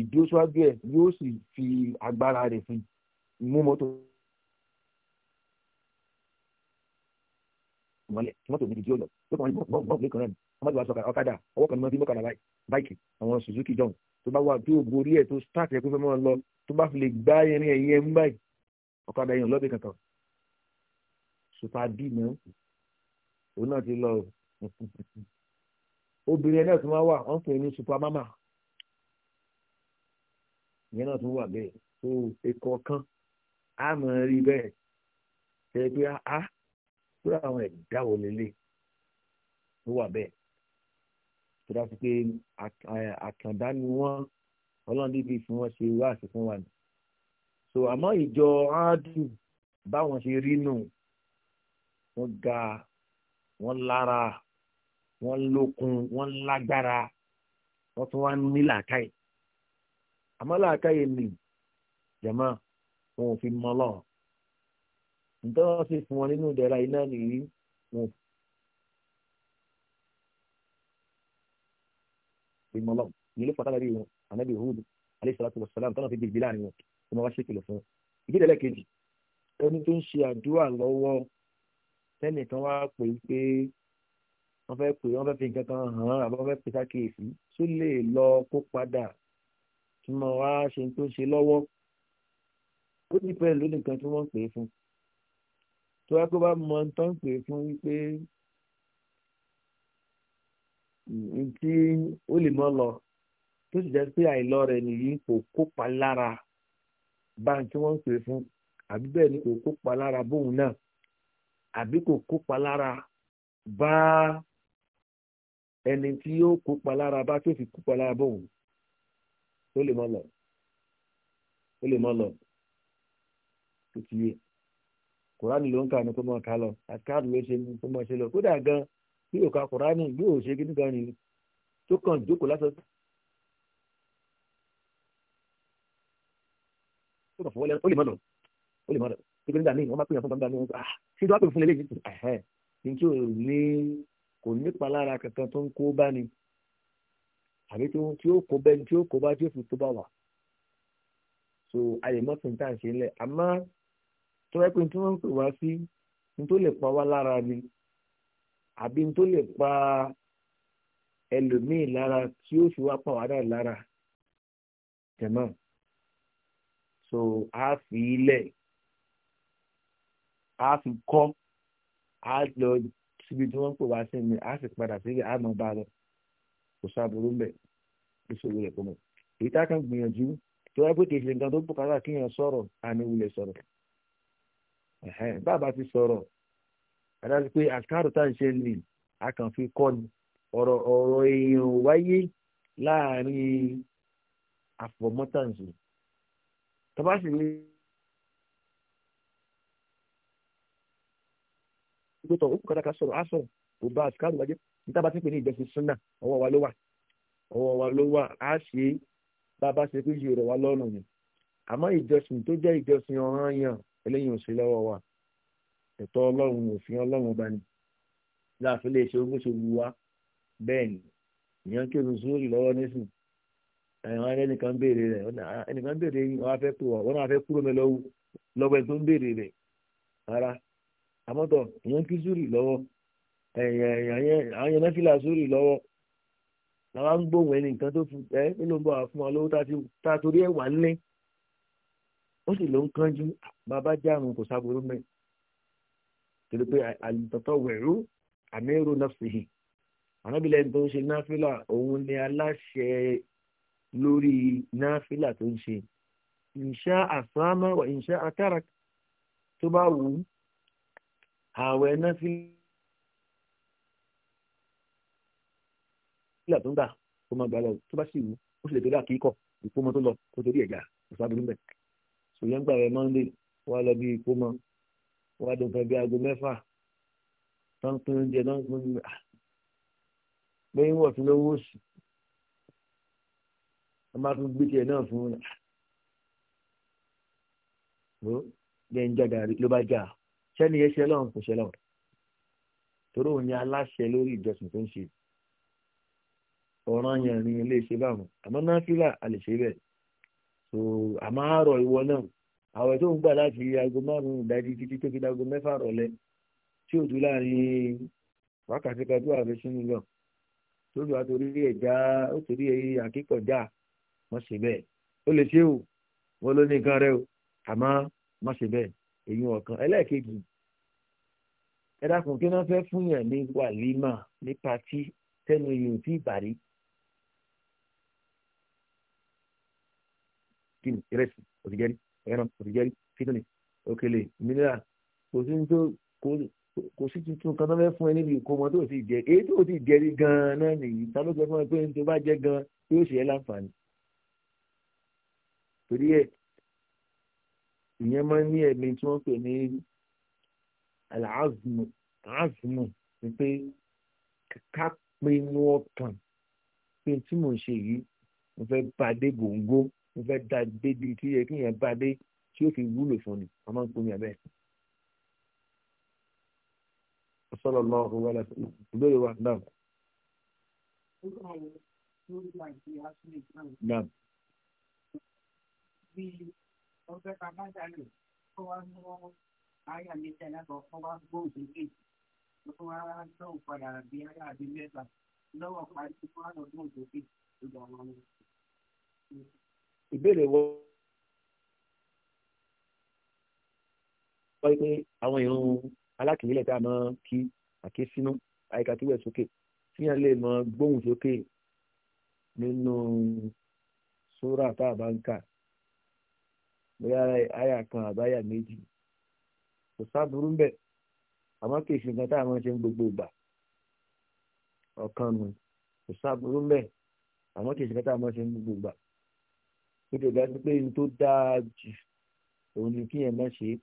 ìdúró síwájú ẹ̀ yóò sì fi agbára rẹ̀ fi mú mọ́tò mọ́lẹ̀ tí mọ́tò níbi tí ó lọ tó kàn wọ́n bọ̀ bọ̀ lẹ́kọ̀ọ́ náà ọmọdé wa sọ ọ̀kadà ọwọ́ kan ní wọ́n fi mọ́kànlá báìkì àwọn Suzuki John tó bá wà tí ò gorí ẹ̀ tó stáàtì ẹ̀ pé fẹ́ mọ́ lọ tó bá fi lè gbá irin ẹ̀yìn ẹ̀ ń báyìí ọ̀kadà yẹn lọ́bì kankan sùpàdì náà òun náà ti lọ obìnrin ẹ̀ náà tún wá wà wọ́n pè é ní supermama ìyẹn náà tún wà bẹ́ẹ̀ tó ẹ̀kọ́ kan á mọ̀ ẹ́ rí bẹ́ẹ̀ ṣe pé á kúrò àwọn ẹ̀dá wò lélẹ̀ tó wà bẹ́ẹ̀ tó dá sí pé àkàndá ni wọ́n ọlọ́run níbi tí wọ́n ṣe wá àṣẹ fún wa ni so àmọ́ ìjọ áádù báwọn ṣe rí nù wọ́n ga wọ́n lára wọ́n lókun wọ́n lágbára wọ́n tún wá ní làákàyè àmọ́ làákàyè nì jẹ̀mọ́ wọn ò fi mọ́ lọ́wọ́ nítorí wọ́n sì fún wọn nínú ìdẹ̀ra iná nìyí wọn ò fi mọ́ lọ́wọ́ nílé pàtàkì àbí wọn ànábì Hud alayhi salatu wassalam tọ́nà fi bèbí láàrin wọn tó máa wá ṣèkìlọ̀ fún wọn ìgbéde lẹ́ẹ̀kejì ẹni tó ń ṣe àdúrà lọ́wọ́ tẹ́nìkan wá pè é pé wọ́n fẹ́ pè wọ́n fẹ́ fi nǹkan kan hàn án àbọ̀ wọ́n fẹ́ pè sákèésí tó lè lọ kó padà tí mo wá ṣe tó ṣe lọ́wọ́ ó ní pẹ̀lú nìkan tí wọ́n ń pè é fún tó wá pé bá mọ tó ń pè é fún wípé tí ó lè mọ lọ tó sì jẹ́ pé àìlọ rẹ̀ nìyí kò kópa lára bá ń tí wọ́n ń pè fún àbí bẹ́ẹ̀ ni kò kópa lára bóun náà àbí kò kópa lára bá ẹni tí yóò kópa lára bá tó fi kópa lára bóun ó lè mọ lọ ó lè mọ lọ tó ti yé kùránì ló ń kà ní kó mọ ká lọ àti ló ṣe ní kó mọ ṣe lọ kódà gan bí yóò kùránì yóò ṣe gidi gan ni tó kàn jókòó lásán tó kàn fọwọ́ lẹ́nu ó lè mọ lọ ó lè mọ lọ ìgbẹ́ nígbà míì wọ́n máa pè yàn fún gbàgbà ní wọn ah ṣé tó wàá pè fún lélẹ́yìn ẹ̀hẹ́ ní tí ò ní kò nípalára kankan tó ń kó bá ni àbí tí tí ó kó bẹ́ni tí ó kó bá tí ó fi tó bá wà so ayè mọ́tò ní tá à ń ṣe ńlẹ̀ àmọ́ tó wáyé pé tí wọ́n ń pè wá sí ní tó lè pa wá lára ni àbí ní tó lè pa ẹlòmíì lára tí ó fi wá pa wá lára tẹ̀mọ́ so a fi ilẹ̀ a fi kọ́ a lọ síbi tí wọ́n ń pè wá sí ni a sì padà sí àmọ́ bá lọ kò sábòrò ń bẹ̀ ìṣòro rẹ̀ kò mọ̀ èyí tá a kàn gbìyànjú tó wáyé pé kì í ṣe nǹkan tó bùkátà kí èèyàn sọ̀rọ̀ àníwulẹ̀ sọ̀rọ̀ bàbá ti sọ̀rọ̀ adájọ́ pé àkàrò tá à ń ṣe lè a kàn ni ọ̀rọ̀ ọ̀rọ̀ èèyàn wáyé láàrin àfọ̀mọ́tàǹsì tó bá sì ní gbótọ̀ ó kù kàtàkà sọ̀rọ̀ á sọ̀rọ̀ kò bá àsìkárù wájú níta bá ti pè ní ìjọsìn súnà ọwọ́ wa ló wà ọwọ́ wa ló wà á ṣe é bá a bá ṣe pé yìí rẹ̀ wá lọ́rùn ni àmọ́ ìjọsìn tó jẹ́ ìjọsìn ọ̀ràn yàn eléyìí ò sí lọ́wọ́ wa ẹ̀tọ́ ọlọ́run òfin ọlọ́run ọba ni láàfin lè ṣe ogún ṣe wù wá bẹ́ẹ̀ ni ìyẹn kí oṣù sórí lọ́wọ́ nísìn ẹ̀wọ̀n ẹnìkan béèrè rẹ̀ ẹnìkan béèrè wọn á fẹ́ kúrò mẹ́lọ́wọ́ lọ́wọ́ ẹ̀ tó ń béèrè rẹ̀ rárá àmọ́tọ̀ èèyàn kí zúrì lọ́wọ́ àyàn náfìlà zúrì lọ́wọ́ làwọn ń gbóhùn ẹni nǹkan tó fi ẹ nínú bọ́ fún wa lówó tá a torí ẹ̀ wà nílé ó sì ló ń kánjú bàbá jáàmù kò sábòrò mẹ́ torí pé àlùtọ̀tọ̀ wẹ̀rú àmì èrò náà fi hì ànábìlẹ̀ tó ń ṣe náfìlà òun ni aláṣẹ lórí náfìlà tó ń ṣe ìṣá àfáàmà ìṣá àkàrà tó bá wù ú ààwẹ̀ náà fi ìlà tó ń gbà kó máa gbà lọ tó bá sì wù ó sì lè tó dà kí kọ̀ ìfowópamọ́ tó lọ kó torí ẹ̀já kò sábìrì ń bẹ̀. sòyẹ́ ń gbà rẹ̀ mọ́ndé wà lọ bí ìfowópamọ́ wà dùn fẹ́ bí aago mẹ́fà tó ń pín oúnjẹ náà ah! wọ̀ fún lówó sí wọ́n máa tún gbé tiẹ̀ náà fún un. Ah! ó jẹ́ ló bá jà á sẹ́ni yẹn ṣe lọ́run kò ṣe lọ́run torí òun ni aláṣẹ lórí ìjọsìn tó ń ṣe ọ̀ràn yẹn ni ilé ṣe báwọn àmọ́ náà fílà a lè ṣe bẹ́ẹ̀ so àmọ́ àárọ̀ ìwọ náà àwẹ̀ tó ń gbà láti aago márùn-ún ìdájí títí tó fi dáago mẹ́fà rọ̀lẹ́ tí ò dúró láàrin wákàtí kan tó sínú lọ lórí wa torí ẹ̀já ó torí akíkọ̀já wọ́n ṣe bẹ́ẹ̀ ó lè ṣe o wọ́n ló ní nǹkan rẹ o àmọ́ wọ́n ṣe bẹ́ẹ̀ èyí ọ̀kan ẹlẹ́ẹ̀kejì ẹ dákun kí wọ́n fẹ́ fún yàn ní wàlímà ní patí tẹnu yìí ò tí ì bàrí kí ni ìrẹsì òtìjẹrí ẹran òtìjẹrí fítọ́nì òkèlè mìíràn kò sí tó kò sí tuntun kan tó fẹ́ fún ẹ níbi ìkómọ tó ti jẹ èyí tó ti jẹrí gan-an nìyí ta ló sọ fún ẹ pé tó bá jẹ gan-an yóò ṣe é láǹfààní torí ẹ ìyẹn máa ń ní ẹ̀mí tí wọ́n pè ní aláàzùmù aláàzùmù ni pé ká pinnu ọkàn pé tí mò ń ṣe yìí mo fẹ́ bá dé gòńgó mo fẹ́ dá débi tí yẹ kí yẹn bá dé tí ó fi wúlò fún ni wọ́n máa ń pinnu ẹ̀bẹ̀. sọlọ lọ ọkọ wẹlẹ ìbéèrè wa náà. Naam wọ́n fẹ́ ka máa dàlù kó wá mú àyà mi tẹ̀lé àbọ̀ kó wá gbóhùn sókè kó wá lọ́hùn padà bí àyà àbí mẹ́ta lọ́wọ́ parí kó wá lọ gbóhùn sókè lọ́dọ̀ àwọn ọmọ. ìbéèrè wọ. wọ́n pé àwọn ìrún alákìílẹ̀ tá a máa kí àkésínú àyíká tí wẹ̀ sókè fíyàn lè mọ gbóhùn sókè nínú sóra tá a bá ń kà bóyá àyà kan àbáyà méjì kò sábúrú ń bẹ̀ àmọ́ kì í ṣe nǹkan tá a máa ṣe ń gbogbo ìgbà ọ̀kan nù kò sábúrú ń bẹ̀ àmọ́ kì í ṣe nǹkan tá a máa ṣe ń gbogbo ìgbà ó ti gbàgbé pé n tó dáa jù òun ni kí yẹn má ṣe é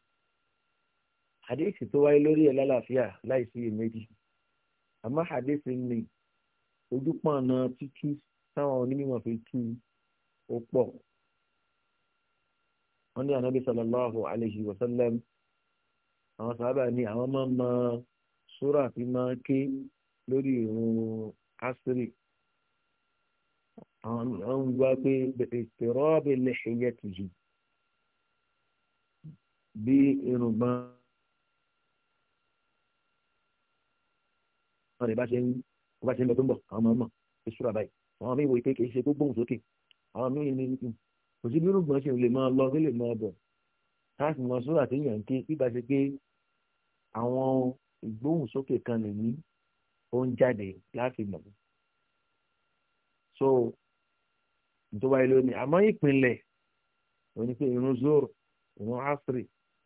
àdéhìsì tó wáyé lórí ẹ̀ lálàáfíà láìsí iyèméjì àmọ́ àdéhìsì ni ojúpọ̀nà títú táwọn onímọ̀ fi tú ó pọ̀ wọ́n ní ànábì sallallahu alayhi wa sallam àwọn sábà ní àwọn máa ma súrà fi máa ké lórí ìrun asiri àwọn ń wá pé ìtìrọ́bì lẹ́ṣẹ̀yẹ tìjì bí irùngbọ̀n rẹ̀ bá ṣe ń bá ṣe ń lọ tó ń bọ̀ àwọn máa mọ̀ ìṣúra báyìí àwọn míì wò pé kì í ṣe gbogbo òun sókè àwọn míì ní kò sí bírú gbọ́n ṣe lè máa lọ kí lè máa bọ̀ láti mọ sóra tí èèyàn ń ké bí ba ṣe pé àwọn ìgbóhùnsókè kan lè ní ó jáde láti mọ̀ so ìjọba ilé ni àmọ́ ìpínlẹ̀ òní pé irun zoro irun afri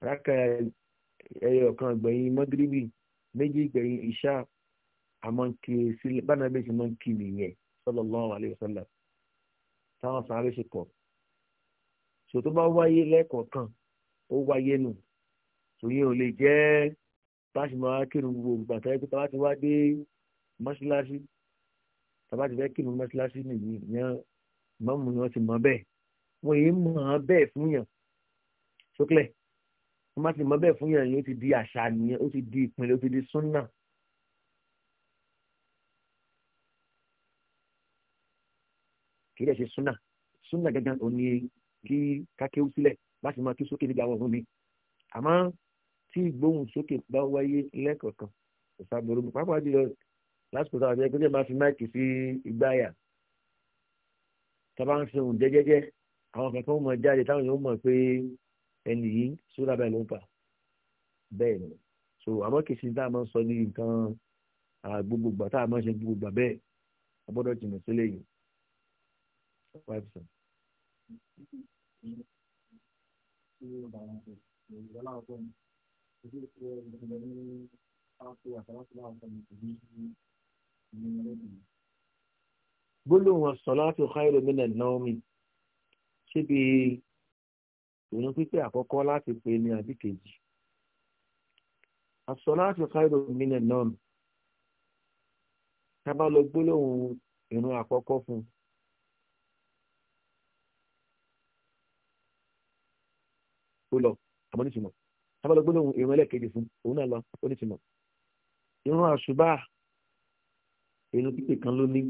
rákà ẹyọ kan gbẹ̀yìn mọ́gíríbì méjì gbẹ̀yìn ìṣá àmọ́ ń kí sílẹ̀ bánabé ṣe máa kí nìyẹn sallallahu alaihi wasallam táwọn sáré ṣe pọ̀ so tó bá wáyé lẹ́ẹ̀kọ̀ọ̀kan ó wáyé nù so yẹn ò lè jẹ́ báṣì máa kírun gbogbo ìgbà tẹ́lẹ̀ pé tábà ti wá dé mọ́ṣáláṣí tábà ti fẹ́ kírun mọ́ṣáláṣí nìyí yẹn mọ́mù yẹn ti mọ́ bẹ́ẹ̀ wọ́n yìí mọ̀ bẹ́ẹ̀ fún yàn sókèlè wọ́n bá ti mọ́ bẹ́ẹ̀ fún yàn yẹn ó ti di àṣà nìyẹn ó ti di ìpínlẹ̀ ó ti di súnà. kì í dẹ̀ ṣe súnà súnà gángan òní kí kákéwú sílẹ̀ láti máa kí sókè níbi àwọn ọ̀hún mi àmọ́ tí ìgbóhùn sókè bá wáyé lẹ́ẹ̀kọ̀ọ̀kan kò sábòrò mọ́ pàápàá jùlọ lásìkò táwọn ẹgbẹ́ tó máa fi máìkì sí ìgbáyà tábà ń ṣe òun jẹ́jẹ́jẹ́ àwọn kankan ó mọ̀ jáde táwọn yóò mọ̀ pé ẹnì yìí sódà bẹ́ẹ̀ ló ń fà bẹ́ẹ̀ ni so àmọ́ kìí ṣe tá a máa ń sọ ní nǹkan gbogbogbà tá a máa ń ṣe gbogbogbà bẹ́ẹ̀ a gbọ́dọ̀ jìnnà sílẹ̀ yìí gbólóhùn as-salatu khayrun min an-nawmi síbi òun pípé àkọ́kọ́ láti pè ní àbíkejì as-salatu khayrun min an gbólóhùn ìrun àkọ́kọ́ fún un. ó lọ àmọ́ nítumọ̀ tábàlọ́ gbólóhùn ìrun ẹlẹ́ẹ̀kejì fún òun náà lọ ó nítumọ̀ ìrun àṣùbà ìrun pípé kan ló ní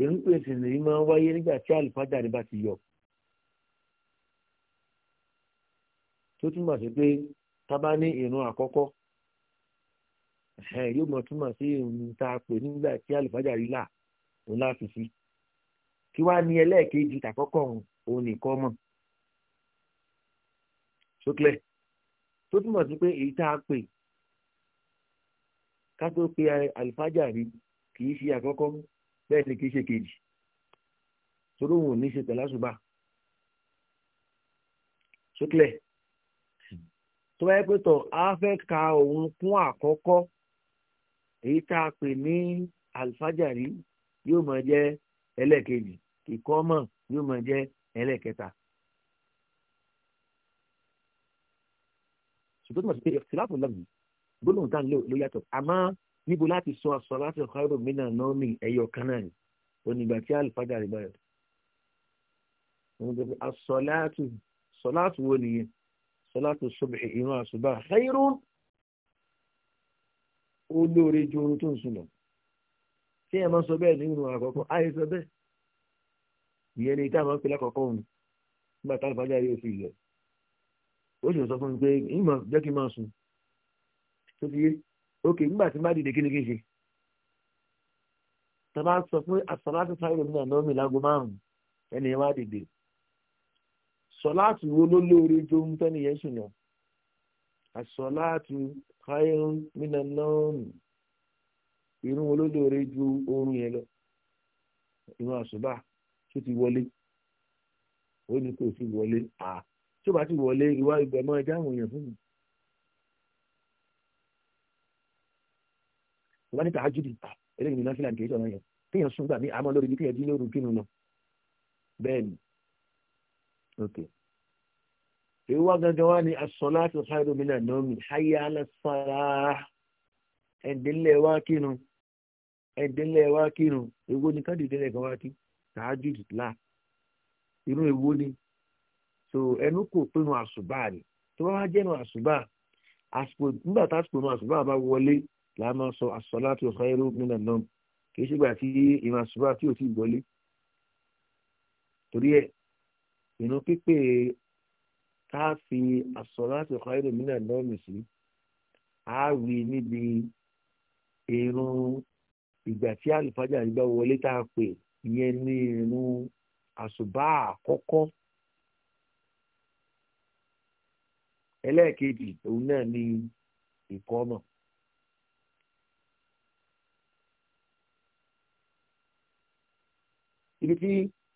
irun pípé sì nìyí máa ti yọ tó túmọ̀ sí pé ní yóò mọ̀ túmọ̀ sí pè nígbà tí rí là kí ṣókílẹ̀ tó túmọ̀ sí pé èyí tá a pè ká tó pe àlùfájà rí kì í ṣe àkọ́kọ́ bẹ́ẹ̀ ni kì í ṣe kejì torí òun ò ní ṣe pẹ̀lú àṣùbà ṣókílẹ̀ tó bá yẹ pé tọ̀ á fẹ́ ka òun kún àkọ́kọ́ èyí tá a pè ní àlùfájà rí yóò máa jẹ́ ẹlẹ́ẹ̀kejì ìkọ́mọ̀ yóò máa jẹ́ ẹlẹ́ẹ̀kẹta ṣùgbọ́n mo sì pé ìfìlàfù lọ́gùn gbólóhùn tá ló yàtọ̀ àmọ́ níbo láti sọ aṣọ láti ọ̀kárò mìíràn náà ní ẹ̀yọ kan náà ni onígbà tí àlùfáàjà rẹ̀ báyọ̀. asọ̀láàtù sọ̀láàtù wo nìyẹn sọ̀láàtù subhi ìran àṣùbà khairun olóore ju oorun tó ń sùn lọ. ẹ máa sọ bẹ́ẹ̀ nínú àkọ́kọ́ ayé sọ bẹ́ẹ̀ ìyẹn ni táwọn máa ń pè lákọ̀ọ́kọ́ òun nígbà táwọn àlùfáàjà rẹ̀ yóò fi yẹ̀ ó sì sọ fún mi pé ìmọ̀ jẹ́ kí n máa sùn tó fi yé ok nígbà tí n bá dìde kí ni kí n ṣe tá a bá sọ fún àsọláṣẹ sáyẹn mi àná mi láago márùn ẹni yẹn wá dìde sọláàtù wo ló lóore tó ń fẹ́ nìyẹn sùn lọ àsọláàtù sáyẹn mi nàná mi irun wo ju oorun yẹn lọ irun àṣùbà tó ti wọlé ó ní kò sí wọlé à tí ó bá ti wọlé ìwà ibẹ̀ mọ́ ẹja àwọn èèyàn fún mi. ìwà níta ajú di eléyìí ní náfìlà nìkejì ọ̀nà yẹn kéèyàn sùn gbà mí àmọ́ lórí ní kéèyàn dín lóru kínú lọ bẹ́ẹ̀ ni ok èyí wá gangan wá ní asọ́lá tó sáré mi náà nọ́ọ̀mì háyà lẹ́sàrà ẹ̀ǹdínlẹ̀ wá kínu ẹ̀ǹdínlẹ̀ wá kínu èwo ni ká dìde lẹ́ẹ̀kan wá kí tàájú ìlà irú èwo ni so ẹnu kò pinnu àṣùbà ni tó bá wá jẹ́nu àṣùbà àsìkò nígbà tá àsìkò nu àṣùbà bá wọlé là á máa sọ as-salatu khairu minan nawm kì í ṣègbà tí ìrìn àṣùbà tí ò tí ì wọlé torí ẹ ìrun pípé ká fi as-salatu khairu minan nawm sí á rí níbi ìrun ìgbà tí àlùfájà àdìgbà wọlé tá a pè ìyẹn ní ìrun àṣùbà àkọ́kọ́ ẹlẹ́ẹ̀kejì òun náà ni ìkọ́mọ̀. ibi tí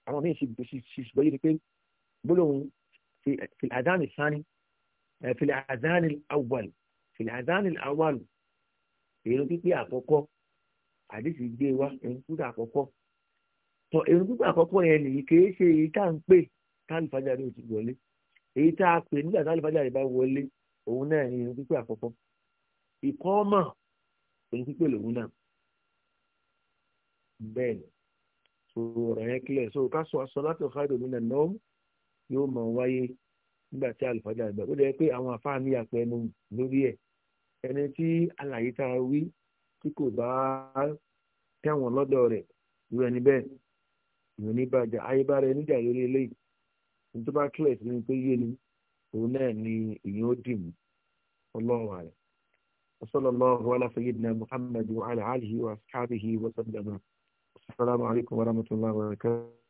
àwọn míì ṣe ṣùgbọ́n yìí ni pé gbólóhùn fi àdáni sani fi àdáni awwal fi àdáni awwal èrún pípé àkọ́kọ́ àdìsí gbé wa èrún pípé àkọ́kọ́ tọ èrún pípé àkọ́kọ́ yẹn nìyí kì ṣe èyí tá à ń pè káàlù fàjà ní òtún wọlé èyí tá a pè nígbà tá àlùfáàjà rẹ̀ bá wọlé òun náà ní irun pípé àkọ́kọ́ ìkọ́ ọmọ irun pípé lòun náà bẹ́ẹ̀ ni so ọ̀rọ̀ yẹn kílẹ̀ so ká sọ aṣọ láti ọ̀fà ìdòmí náà náà yóò máa wáyé nígbà tí àlùfáàjà rẹ̀ bá ó dẹ̀ pé àwọn afáà mi àpẹ ẹnu lórí ẹ̀ ẹni tí àlàyé tá a wí tí kò bá tẹ̀wọ̀n lọ́dọ̀ rẹ̀ irú ẹni bẹ́ẹ̀ ìròyìn bàjẹ́ ayé bá rẹ níjà lórí eléyìí tó bá kílẹ̀ sí ni pé yé ni òun náà ni ìyẹn ó dì mú ọlọ́run àrẹ وصلى الله على سيدنا محمد وعلى آله وأصحابه وسلم السلام عليكم ورحمة الله وبركاته